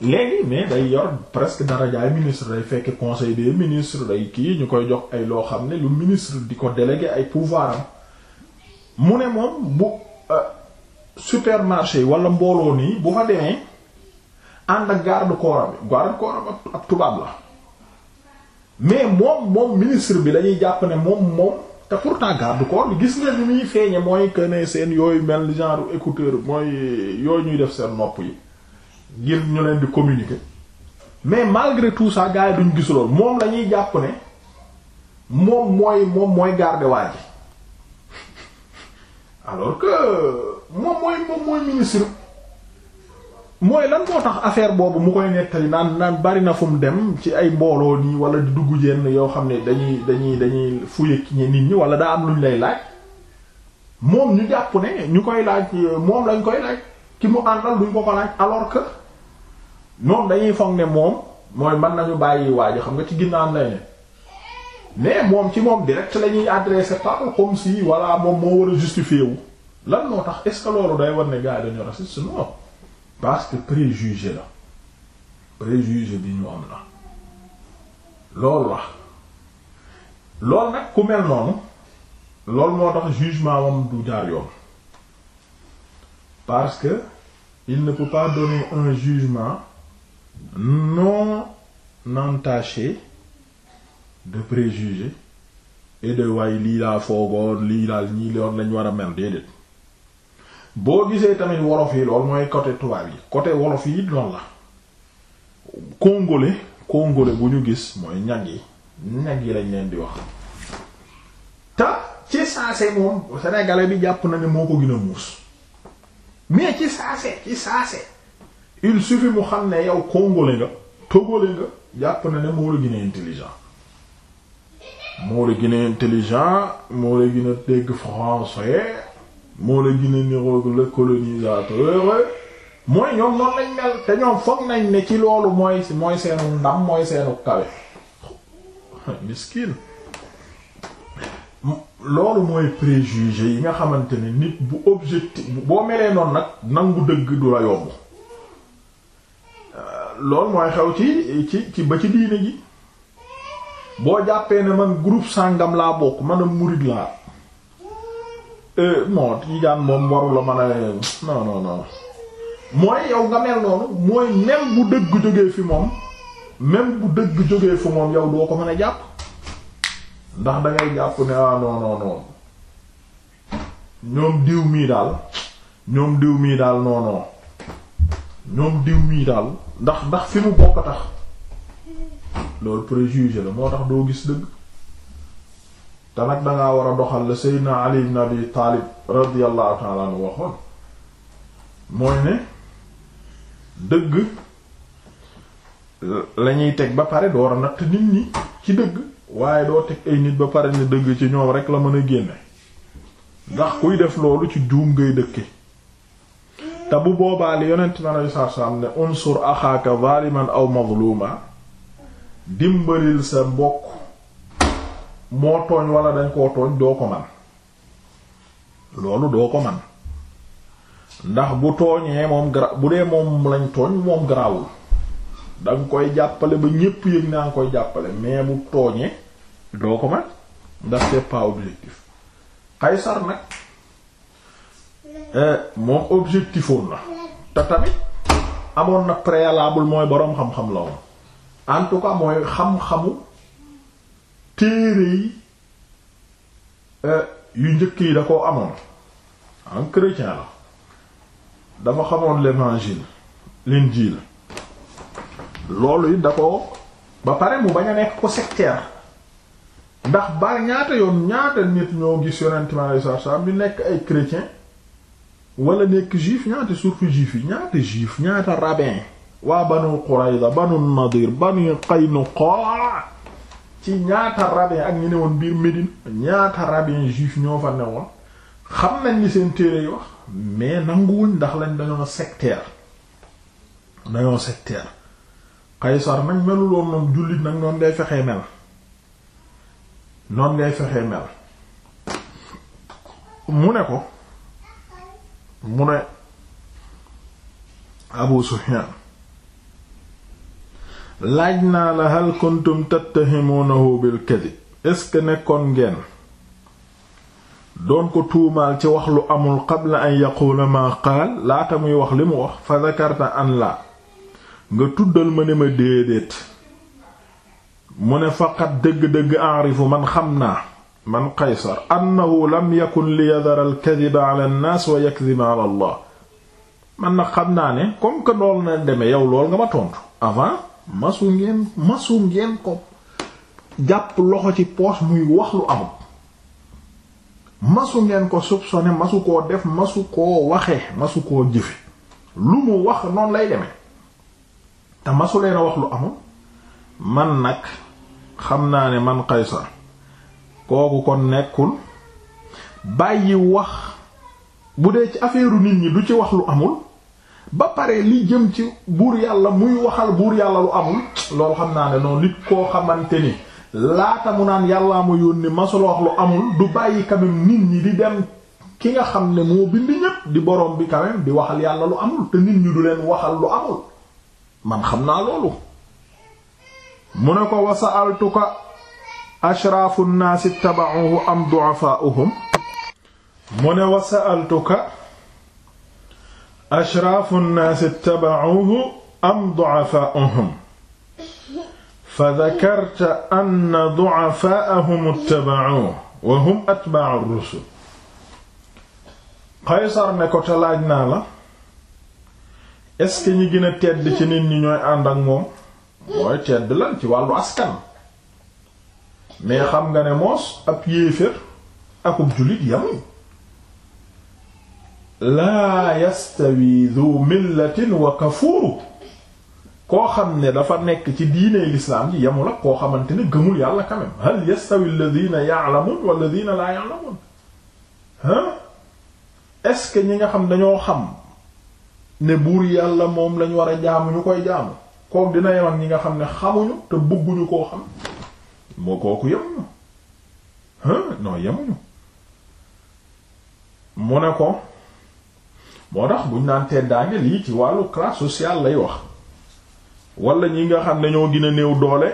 léegi mais day yor presque darajaay ministre day fekk conseil des ministres day kii ñu koy jox ay loo xam ne lu ministre di ko déléguer ay pouvoir am mu ne moom bu euh, supermarché yi wala mbooloo nii bu fa ànd ak garde corps bi garde corps ak tubaab la mais moom moom ministre bi dañuy jàpp ne moom moom te pourtant garde corps gis nga ni muy feeñe mooy que ne seen yooyu mel genre écouteur mooy yooyu ñuy def seen nopp yi ngir ñu leen di communiquer mais malgré tout ça gars yi duñ gis moom la ñuy jàpp ne moom mooy moom mooy garde waa ji *laughs* alors que moom mooy moom mooy ministre mooy lan moo tax affaire boobu mu koy nettali naan naan bari na fu mu dem ci ay mbooloo nii wala di dugg jenn yoo xam ne dañuy dañuy dañuy fuye ñi nit ñi wala daa am luñ lay laaj moom ñu jàpp ne ñu koy laaj moom lañ koy laaj ki mu àndal duñ ko ko laaj alors que ñoom dañuy foog ne moom mooy mën nañu bàyyi waaj xam nga ci ginnaaw lay ne mais moom ci moom direct la ñuy adressé par comme si voilà moom moo war a justifié wu lan moo tax est ce que loolu day war ne gars parce que préjugé la préjugé bi ñu am la loolu la loolu nag ku mel noonu loolu moo tax jugement moom du jaar yoon parce que il ne peut pas donner un jugement non entaché de préjugés et de waaye lii laa foogoon lii daal ñii loon lañ war a mel déedéet boo gisee tamit wolof yi lool mooy côté tubaab yi côté wolof yi noonu la congolais congolais bu ñu gis mooy ñag yi ñag yi lañ leen di wax te ci saase moom sénégalais bi jàpp na ne moo ko gën a muus mais ci saase ci saase il suffit mu xam ne yow congolais nga togolais nga jàpp na ne moo la gën a intelligent moo la gën a intelligent moo la gën a dégg français moo la gën a niroog le mooy ñoom noonu lañ mel te ñoom foog nañ ne ci loolu mooy mooy seenu ndam mooy seenu kawe *laughs* miskin loolu mooy préjugé yi nga xamante ne nit bu objectif boo melee noon nag nangu dëgg du la yomb euh, loolu mooy xew ci ci ci ba ci diine ji boo jàppee ne man groupe sàngam laa bokk man a murid laa moo euh, tiijaan moom warula mën a non mooy yow nga mel noonu mooy même bu dëgg jógee fi moom même bu dëgg jógee fi moom yow doo ko man a jàpp ndax da jàpp ne ah non non ñoom diw mii daal ñoom diw mii daal non diw mii daal ndax ndax fi mu bokk tax loolu préjugé la moo tax doo gis dëgg. te danga war a doxal la seydna ali ibn abi taalib radiallahu taala waxoon mooy ne dëgg lañuy teg ba pare door a natt nit ñi ci dëgg waaye doo teg ay nit ba pare ne dëgg ci ñoom rek la mën a génne ndax kuy def loolu ci juum ngay dëkke te bu boobaa li yonent ma nay sarsam ne unsur axaaka zaliman aw mazluma dimbalil sa mbokk moo tooñ wala dañ koo tooñ doo ko man loolu doo ko man ndax bu tooñee moom gara bu dee moom lañ tooñ moom garaawul danga koy jàppale ba ñépp yëg naa nga koy jàppale mais bu tooñee doo ko man ndax c'est pas objectif Qaysar nag eh, moom objectifoon na te tamit amoon na préalable mooy boroom xam-xam la woon en tout cas mooy xam-xamu téere yi eh, yu njëkk yi da koo amoon en ah, chrétien la dafa xamoon l'évangile l'injil loolu it da ko ba pare mu bañ a nekk ko sectaire ndax ba ñaata yoon ñaata nit ñoo gis yonent mi alayhi salaatu nekk ay chrétien wala nekk juif ñaata surtout juif yi ñaata juif ñaata rabbin waa banu Qurayza banu Nadir banu Qaynuqa ci ñaata rabbin ak ñu ne woon biir Médine ñaata rabbin juif ñoo fa newoon xam nañ ni seen téere yi wax mais nanguwuñ ndax lañ dañoo sectaire dañoo sectaire Qaysar nag meluloon noonu jullit nag noonu ngay fexee mel noonu ngay fexee mel mu ne ko mu ne Abu Sufyan laaj naa la hal kuntum tattahimunahu bil kadhib est-ce que nekkoon ngeen doon ko tuumaal ci wax lu amul qabla an yaqula ma qaal laata muy wax li mu wax fa dhakarta an la nga tuddal ma ne ma déedéet mu ne faqat dëgg-dëgg arifu man xam naa man qaysar annahu lam yakun liyadhara al kadhiba ala wa yakdhiba ala allah man nag xam naa ne comme que lool na deme yow lool nga ma tontu avant masu ngeen masu ngeen ko jàpp loxo ci poche muy wax lu amul masu ngeen ko soupçonné masu koo def masu koo waxe masu koo jëfe lu mu wax noonu lay demee te masu leen a wax lu amul man nag xam naa ne man Qaysar kooku kon nekkul bàyyi wax bu dee ci affaire nit ñi du ci wax lu amul ba pare li jëm ci buur yàlla muy waxal buur yàlla lu amul loolu xam naa ne noonu nit koo xamante ni laata mu naan yàllaa mu yónni masula lu amul du bàyyi quand nit ñi di dem ki nga xam ne moo bind ñépp di boroom bi quand di waxal yàlla lu amul te nit ñi du leen waxal lu amul man xam naa loolu mu ne ko wasa'altuka ashraafu nnaasi taba'uhu am du'afaa'uhum mu ne wasa'altuka ashraafu nnaasi ittaba'uuhu am du'afaa'uhum fa dakarta anna du'afaa'ahum ittaba'uuhu wa hum atbaa'u rrusul Qaysar ne ko te laaj naa la est-ce ñi gën tedd ci nit ñi ñooy ànd ak mooy tedd lan ci wàllu askan mais xam nga moos ab yéefér akub jullit yamuñ laa yastawi dhu millatin wa kafuuru koo xam ne dafa nekk ci diine lislaam ji yemu la koo xamante ni gëmul yàlla quand même hal yastawi alladhina ya'lamun wa alladhina laa ya'lamun hein ce que ñi nga xam dañoo xam ne buur yàlla moom lañ war a jaamu ñu koy jaamu kooku dina yem ak ñi nga xam ne xamuñu te bëgguñu koo xam moo kooku yemuñu hein non yemuñu mu ne ko moo tax buñ naan teddaange lii ci wàllu classe sociale lay wax wala ñi nga xam ne ñoo gën a néew doole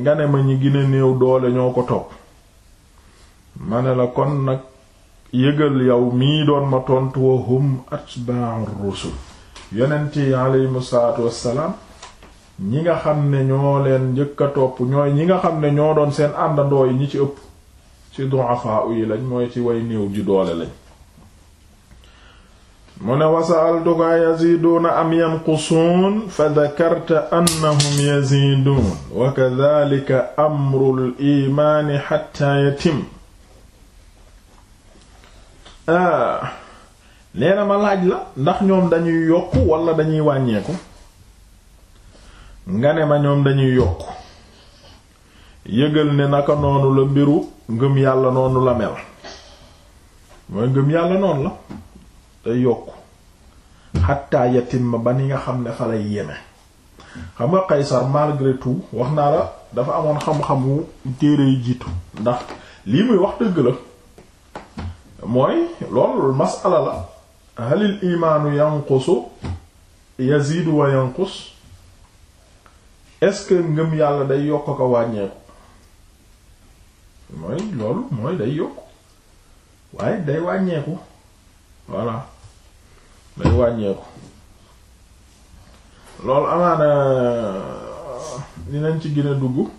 nga ne ma ñi gën néew doole ñoo ko topp ma ne la kon nag yëgal yow mii doon ma tontu wa hum atba'ur rusul yonent yi aleyhimu salaatu wassalaam ñi nga xam ne ñoo leen njëkk a topp ñooy ñi nga xam ne ñoo doon seen àndandoo yi ñi ci ëpp ci du'afa yi lañ mooy ci way néew ji doole lañ mu ne wasaaltuka yaziduuna am yanqusuun fa dakarta annahum yaziduun wa kadalika amrul imaani xatta yatim ah, nee na ma laaj la ndax ñoom dañuy yokk wala dañuy wàññeeku nga ne ma ñoom dañuy yokk yëgal ne naka noonu la mbiru ngëm yàlla noonu la mel mooy ngëm yàlla noonu la day yokk xatta ma ba ni nga xam ne fa lay yeme xam nga Qaysar malgré tout wax naa la dafa amoon xam-xamu téere yi jiitu ndax lii muy wax dëgg la mooy loolu masala la halil imaanu yanqusu yazidu wa yanqus ngëm yàlla day yokk ko wàññeeku mooy loolu mooy day yokk waaye day wàññeeku voilà day wàññeeku loolu amaana dinañ ci gën dugg dugg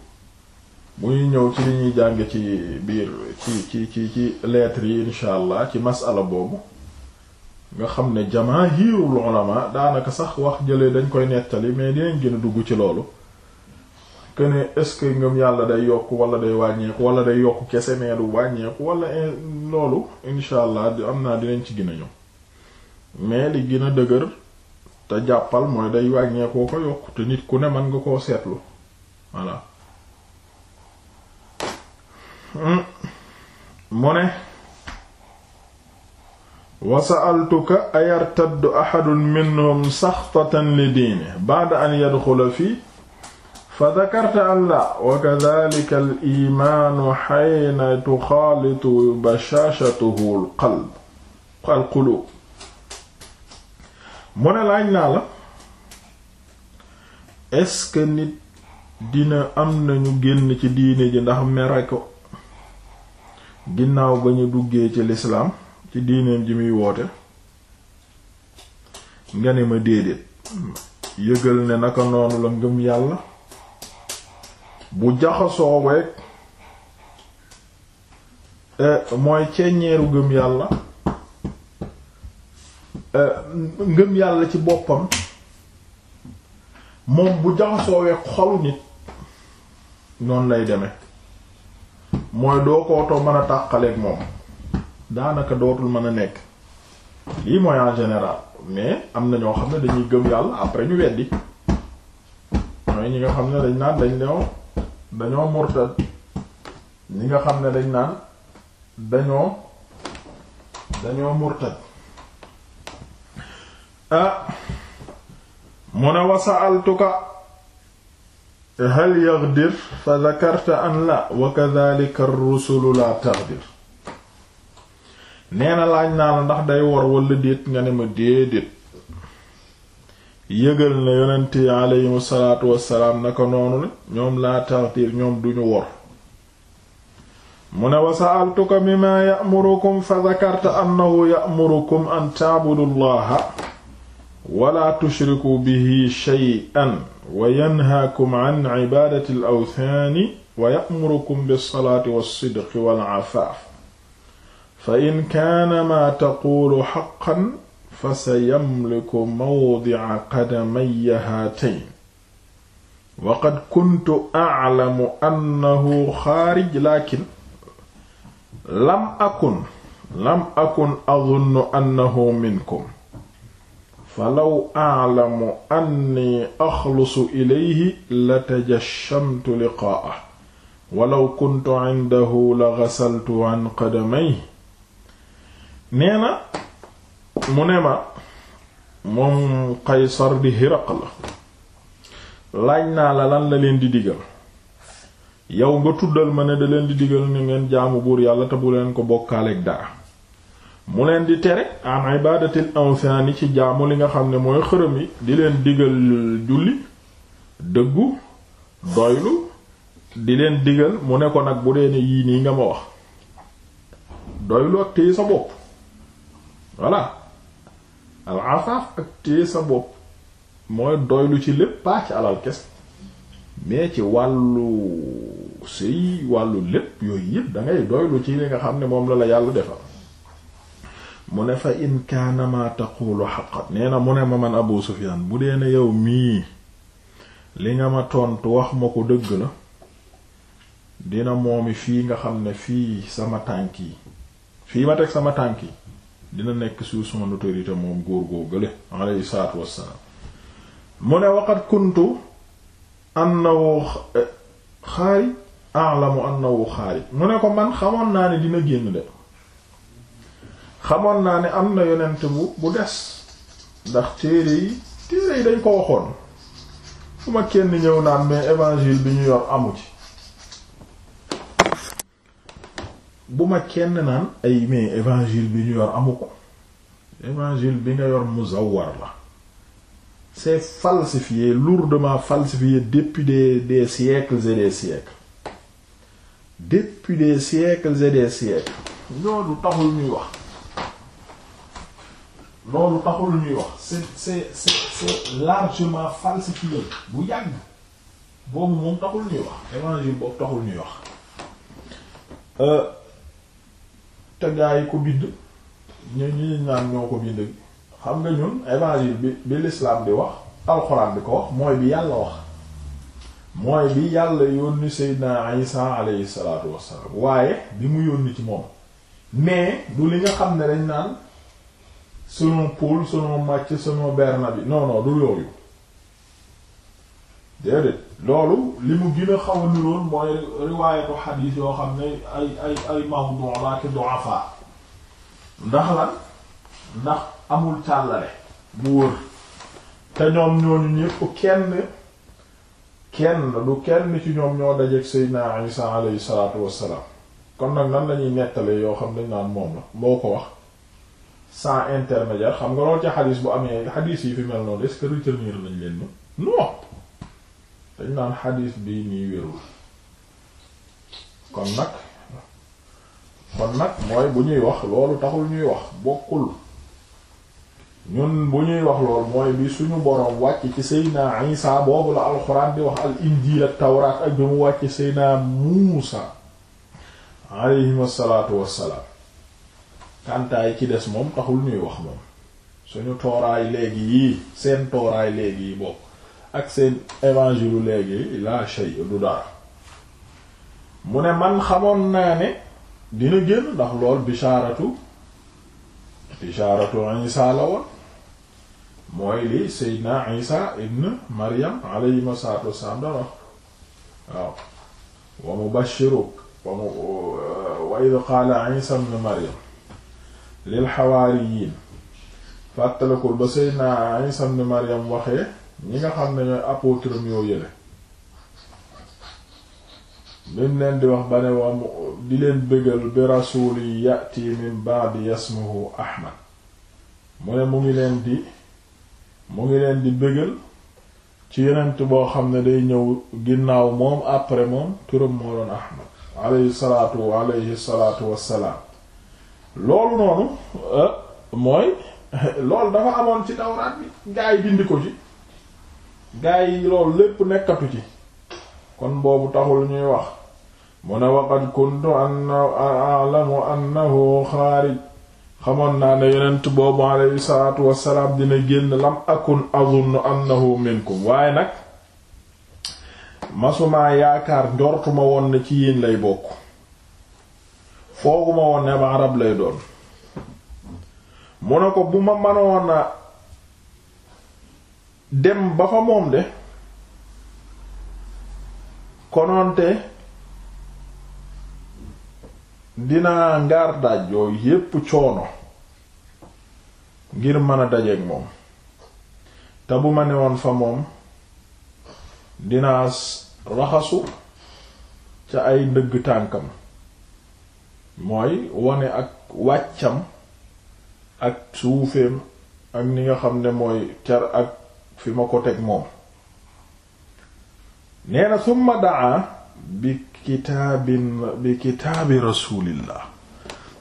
muy ñëw ci li ñuy jàng ci biir ci ci ci ci lettres yi insha allah ci masala boobu nga xam ne jamaahirul ma daanaka sax wax jëlee dañ koy nettali mais dinañ gën a dugg ci loolu que ne ce que ngëm yàlla day yokk wala day wàññeeku wala day yokk kese mais wàññeeku wala eh, loolu insha allah am naa dinañ ci gën ñëw mais li gën a dëgër te jàppal mooy day wàññeekoo ko yokk te nit ku ne mën nga koo seetlu voilà mu ne wa sa'altuka ayartaddu ahadun minhum saxtatan li diini ba'da an yadxula fii fa dakarta an la wa xayna tuxaalitu bashaashatuhu al qalb al quluub mu ne laaj naa la est-ce nit dina am nañu génn ci diine ji ndax mere ko ginnaaw ba ñu duggee ci lislaam ci diineem ji muy woote nga ne ma déedéet yëgal ne naka noonu la ngëm yàlla bu jaxasoo week eh, mooy ceññeeru ngëm yàlla Euh, ngëm yàlla ci boppam moom bu jaxasoowee xolu nit noonu lay deme mooy doo kootoo mën a tàqaleeg moom daanaka dootul mën a nekk lii mooy général mais am na ñoo xam ne dañuy gëm yàlla après ñu weddi mooy ñi nga xam ne dañ naan dañ ñoo dañoo murtad ñi nga xam ne dañ naan dañoo dañoo murtad ah mu ne wa sa'altuka hal yaghdir fa dhakarta an la wa kadhalika ar-rusulu la taghdir nee na laaj naa la ndax day wor walla déet nga ne ma déedéet yëgal na yonent yi aleyhim salaatu wassalaam naka noonu la ñoom laa taxtiir ñoom duñu wor mu ne wa sa'altuka mimma ya'murukum fa dhakarta annahu ya'murukum an ta'budu allaha wala tushriku bihi shay'an wa yanhaakum an cibaadati al-awthaani wa ya'murukum bis-salaati was-sidqi wal-cafaaf fa in kaana maa taquulu haqqan fa sayamliku mawdica qadamaya haatayn waqad kuntu aclamu annahu xaarij laakin lam akun lam akun adunnu annahu minkum falaw alamu anni axlusu ilayhi la tajashamtu liqaa'ah walaw kuntu indahu la ghasaltu an qadamayhi nee na mu ne ma moom Qaysar di Hiraqla laaj naa la lan la leen di digal yow nga tuddal ma ne da leen di digal ni ngeen jaamu buur yàlla te leen ko bokkaaleeg dara mu leen di tere an ibadatil awthani ci jaamu li nga xam ne mooy xërëm yi di leen digal julli dëggu doylu di leen digal mu ne ko nag bu dee ne yii nii nga ma wax doylu ak téye sa bopp voilà al ak téye sa bopp mooy doylu ci lépp pas ci alal kes mais ci wàllu sëy wàllu lépp yooyu yëpp da ngay doylu ci li nga xam ne moom la la yàlla defal mu ne fa in kaana xaqat nee na mu ne ma man Abu Sufyan bu dee ne yow mii li nga ma tontu wax ma ko dëgg la dina moomi fii nga xam ne fii sama tànk yi fii ma teg sama tànk yi dina nekk sous son autorité moom góor góor gële alayhi salaatu wassalaam mu ne waqat kuntu annahu xaari a'lamu annahu xaari mu ne ko man xamoon naa ne dina génn de xamoon naa ni am na yonent bu bu des ndax téere yi téere yi dañ ko waxoon fu ma kenn ñëw naan mais évangile bi ñu yor amu ci bu ma kenn naan ay mais évangile bi ñu yor amu ko évangile bi nga yor muzawwar la c'est falsifié lourdement falsifié depuis des des siècles et des siècles depuis des siècles des siècles loolu taxul ñuy wax loolu taxul ñuy wax c'est c'est c'est largement falsifié bu yàgg boobu moom taxul ñuy wax évangile boobu taxul ñuy wax euh, te gaa yi ko bind ñu ñu naan ñoo ko bind xam nga ñun évangile bi bi l'islam di wax alxuraan bi ko wax mooy bi yàlla wax mooy bi yàlla yónni Seydina Isa alayhi wassalaam waaye bi mu yónni ci moom mais du li nga xam ne dañ naan selon Paul selon Matthieu selon Bernabi non non du yooyu déedéet loolu li mu gën xaw a niroon mooy riwaayatu xadiis yoo xam ne ay ay ay mawdu la ki du'afa ndax lan ndax amul càllale bu wër te ñoom ñooñu ñépp kenn kenn du kenn ci ñoom ñoo dajeek Seydina Isa alayhi salaatu wassalaam kon nag nan lañuy nettale yoo xam dañ naan moom la moo ko wax sans intermédiaire xam nga lool ci xadis bu amee xadis yi fi mel noonu est-ce que nañ leen ma non dañ naan xadis bi nii wérul kon nag kon nag mooy bu ñuy wax loolu taxul ñuy wax bokkul ñun bu ñuy wax loolu mooy bi suñu boroom wàcc ci Seydina Isa boobu la alxuraan di wax al injiil ak tawraat ak bi mu wàcc Seydina Muusa alayhim asalaatu wassalaam kantaay ci des moom taxul ñuy wax moom suñu tooraay léegi yii seen tooraay léegi yi bokk ak seen évangile léegi la shay du dara mu ne man xamoon naa ne dina génn ndax lool bishaaratu bishaaratu Isa la woon mooy li Seydina Isa ibn Maryam alayhi salaatu wassalaam dara waaw wa mubashiruk wa mu wa idh qaala Isa ibn lil xawaariyiin fàttalikul ba Seydina Isa ibn Maryam waxee ñi nga xam ne ñooy apôtre yoo yële bim leen di wax ba ne waa di leen bëggal bi rasuuli yati min ba'di yasmuhu Ahmad mu ne mu ngi leen di mu ngi leen di bëggal ci yonent boo xam ne day ñëw ginnaaw moom après moom turam moo doon Ahmad alayhi salaatu alayhi salaatu wassalaam loolu noonu euh, mooy loolu dafa amoon ci tawraat bi gaa yi dindi ko ci gaa yi loolu lépp nekkatu ci kon boobu taxul ñuy wax mu ne waqad kuntu anna a'lamu annahu xaarij xamoon naa ne yonent boobu alayhi salaatu wassalaam dina génn lam akun azunnu annahu minkum waaye nag masumaa yaakaar njortuma woon ne ci yéen lay bokk fooguma woon ne am arab lay doon mu ne ko bu ma manoon a dem ba fa moom de konoonte dinaa ngaar daaj yooyu yépp coono ngir mën a dajeek moom te bu ma newoon fa moom dinaa raxasu ca ay ndëgg tànkam mooy wane ak wàccam ak suufeem ak ni nga xam ne mooy car ak fi ma ko teg moom nee summa daa bi kitaabin kitaabi rasulillah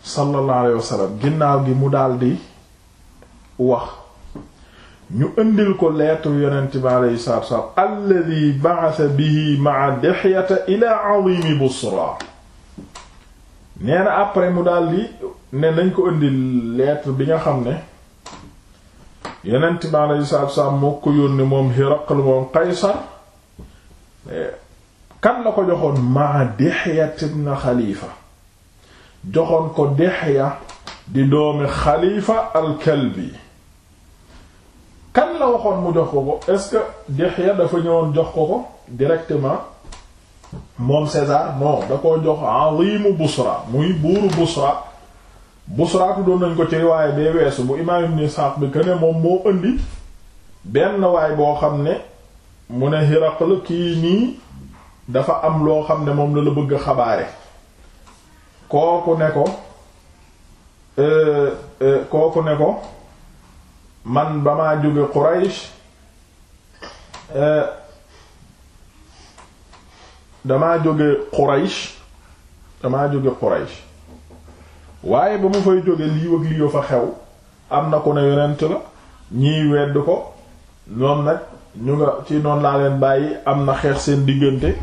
sallallahu alayhi wa ginnaaw gi mu daldi wax ñu indil ko lettre yonent bi alayhi salaatu wa salaam alladi ba'atha bihi ma'a ila azimi Busra nee na après mu di ne nañ ko indil lettre bi nga xam ne yonent bi aleyhi salaatu moo ko yónnee moom Hiraql moom Qaysar kan la ko joxoon maa Dihya ibn Xalifa joxoon ko Dihya di doomi Xalifa al-Kalbi kan la waxoon mu jox ko ko est-ce que dafa ñëwoon jox ko ko directement moom César non da ko jox azimu Busra muy buuru Busra Busra tuddoon nañ ko ci riwaaye bee weesu bu imaam ni Ishaq bi que moom moo indi benn waay boo xam ne mu ne Hiraql kii nii dafa am loo xam ne moom la la bëgg a xabaare kooku ne ko euh, euh, kooku ne ko man ba maa jóge Quraysh euh, damaa jóge Quraysh damaa jóge Quraysh waaye ba mu fay jóge lii ak lii fa xew am na ku ne yonent la ñiy wedd ko ñoom nag ñu nga ci noonu laa leen bàyyi am na xeex seen diggante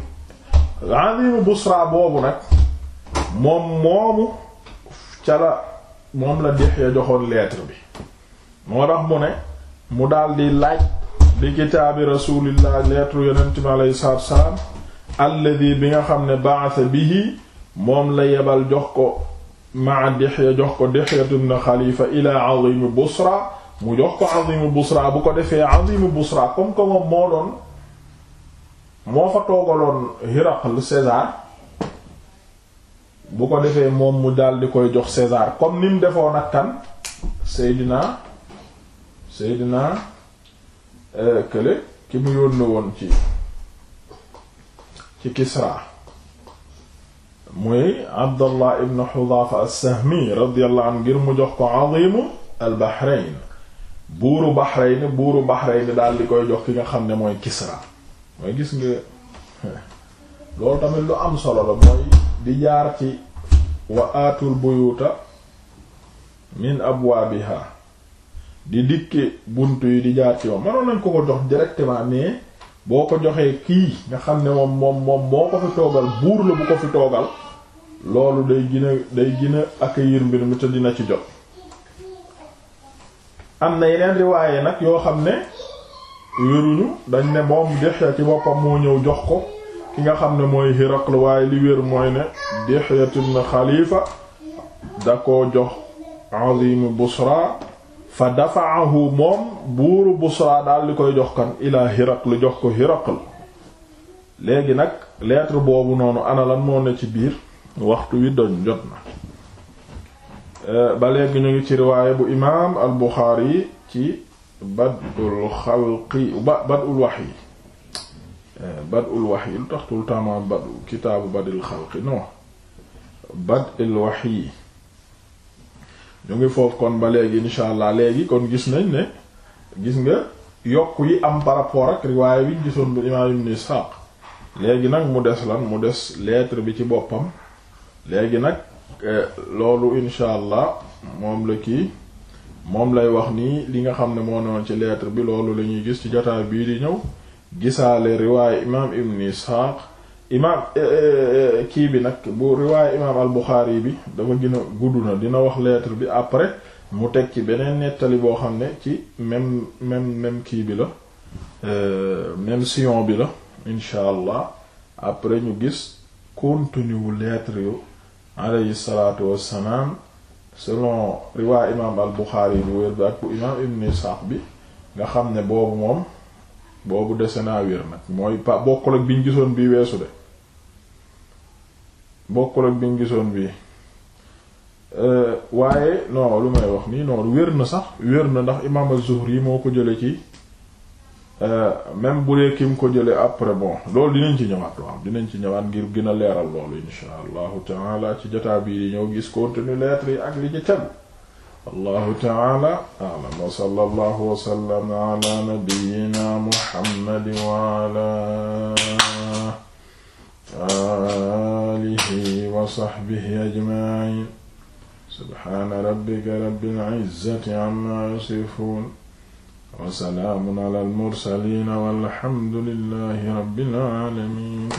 Azim Busra boobu nag moom moomu ca la moom la Dihya joxoon lettre bi moo tax mu ne mu di laaj di kitaabi Rasulillah lettre yonent bi alayhi salaatu salaam alladi bi nga xam ne baasa bihi moom la yebal jox ko maa Dihya jox ko Dihya ibn Xalifa ilaa azimi Busra mu jox ko azimi Busra bu ko defee azimi Busra comme que moo doon moo fa toogaloon Hiraql César bu ko defee moom mu daal di koy jox César comme ni mu defoon ak kan Seydina Seydina euh, kële ki mu yónni woon ci ci Kisra muy Abdallah ibn Xudaafa as-Sahmi radiyallahu anhu ngir mu jox ko azimu al-Bahrayn buuru Bahrayn buuru Bahrayn daal di koy jox ki nga xam ne mooy Kisra mooy gis nga *laughs* loolu tamit lu am solo la mooy di jaar ci wa aatul buyuuta min abwaabiha di jaar ci moom mënoon nañ ko ko jox directement mais boo ko joxee kii nga xam ne moom moom moom moo ko fi toogal buur la bu ko fi toogal loolu day gën day gën ak accueillir mbir mi te dina ci jot am na yeneen riwaaye nag yoo xam ne wéruñu dañ ne moom Dihya ci boppam moo ñëw jox ko ki nga xam ne mooy Hiraql waaye li wér mooy ne Dihya ibn Xalifa da ko jox Azim Busra fa dafaahu moom buuru Busra daal di koy jox kan ilaa Hiraql jox ko Hiraql léegi nag lettre boobu noonu ana lan moo ne ci biir waxtu wi doñ jot na euh, ba léegi ñu ngi ci riwaaya bu imaam al Buxaari ci badul xalqi ba badul waxyi waxi euh, waxyi lu tax tout le temps ma badu kitaabu badil xalqi non badil waxyi ñu ngi foofu kon ba léegi insha allah léegi kon gis nañ ne gis nga yokk yi am par ak riwaaya bi gisoon bi imaam ibn Ishaq léegi nag mu des lan mu des lettre bi ci boppam léegi nag eh, loolu insha allah moom la kii moom lay wax nii li nga xam ne moo noon ci lettre bi loolu lañuy gis ci jotaay bii di ñëw gisaale riwaaya imaam ibn Ishaq imaam eh, eh, eh, kii bi nag bu riwaaya imaam al-Bukhari bi dafa gën a gudd na dina wax leetre bi après mu teg ci beneen nettali boo xam ne ci même même même kii bi la euh, même sion bi la incha allah après ñu gis contenu wu yu alayhi salaatu wassalaam selon riwaaya imaam al-Bukhari bu wér bi ak imaam Ibn Ishaq bi nga xam ne boobu moom boobu dese naa wér nag mooy pa bokkul ak bi ñu gisoon bi weesu de bokkul ak bi ñu gisoon bii waaye non lu may wax nii noonu wér na sax wér na ndax imaam az-Zuhri moo ko jële ci euh, même bu dee kim ko jële après bon loolu dinañ ci ñëwaat waaw dinañ ci ñëwaat ngir gën a leeral loolu insha allahu taala ci jotaa bii di gis contenu lettre yi ak li ci tegu allahu taala a'lam wa sallallahu wa sallama ala wa alihi wa sahbihi ajma'in subhaana rabbika rabbil izzati amma yasifun wa salaamun ala al mursalin walhamdulillahi rabbil alamin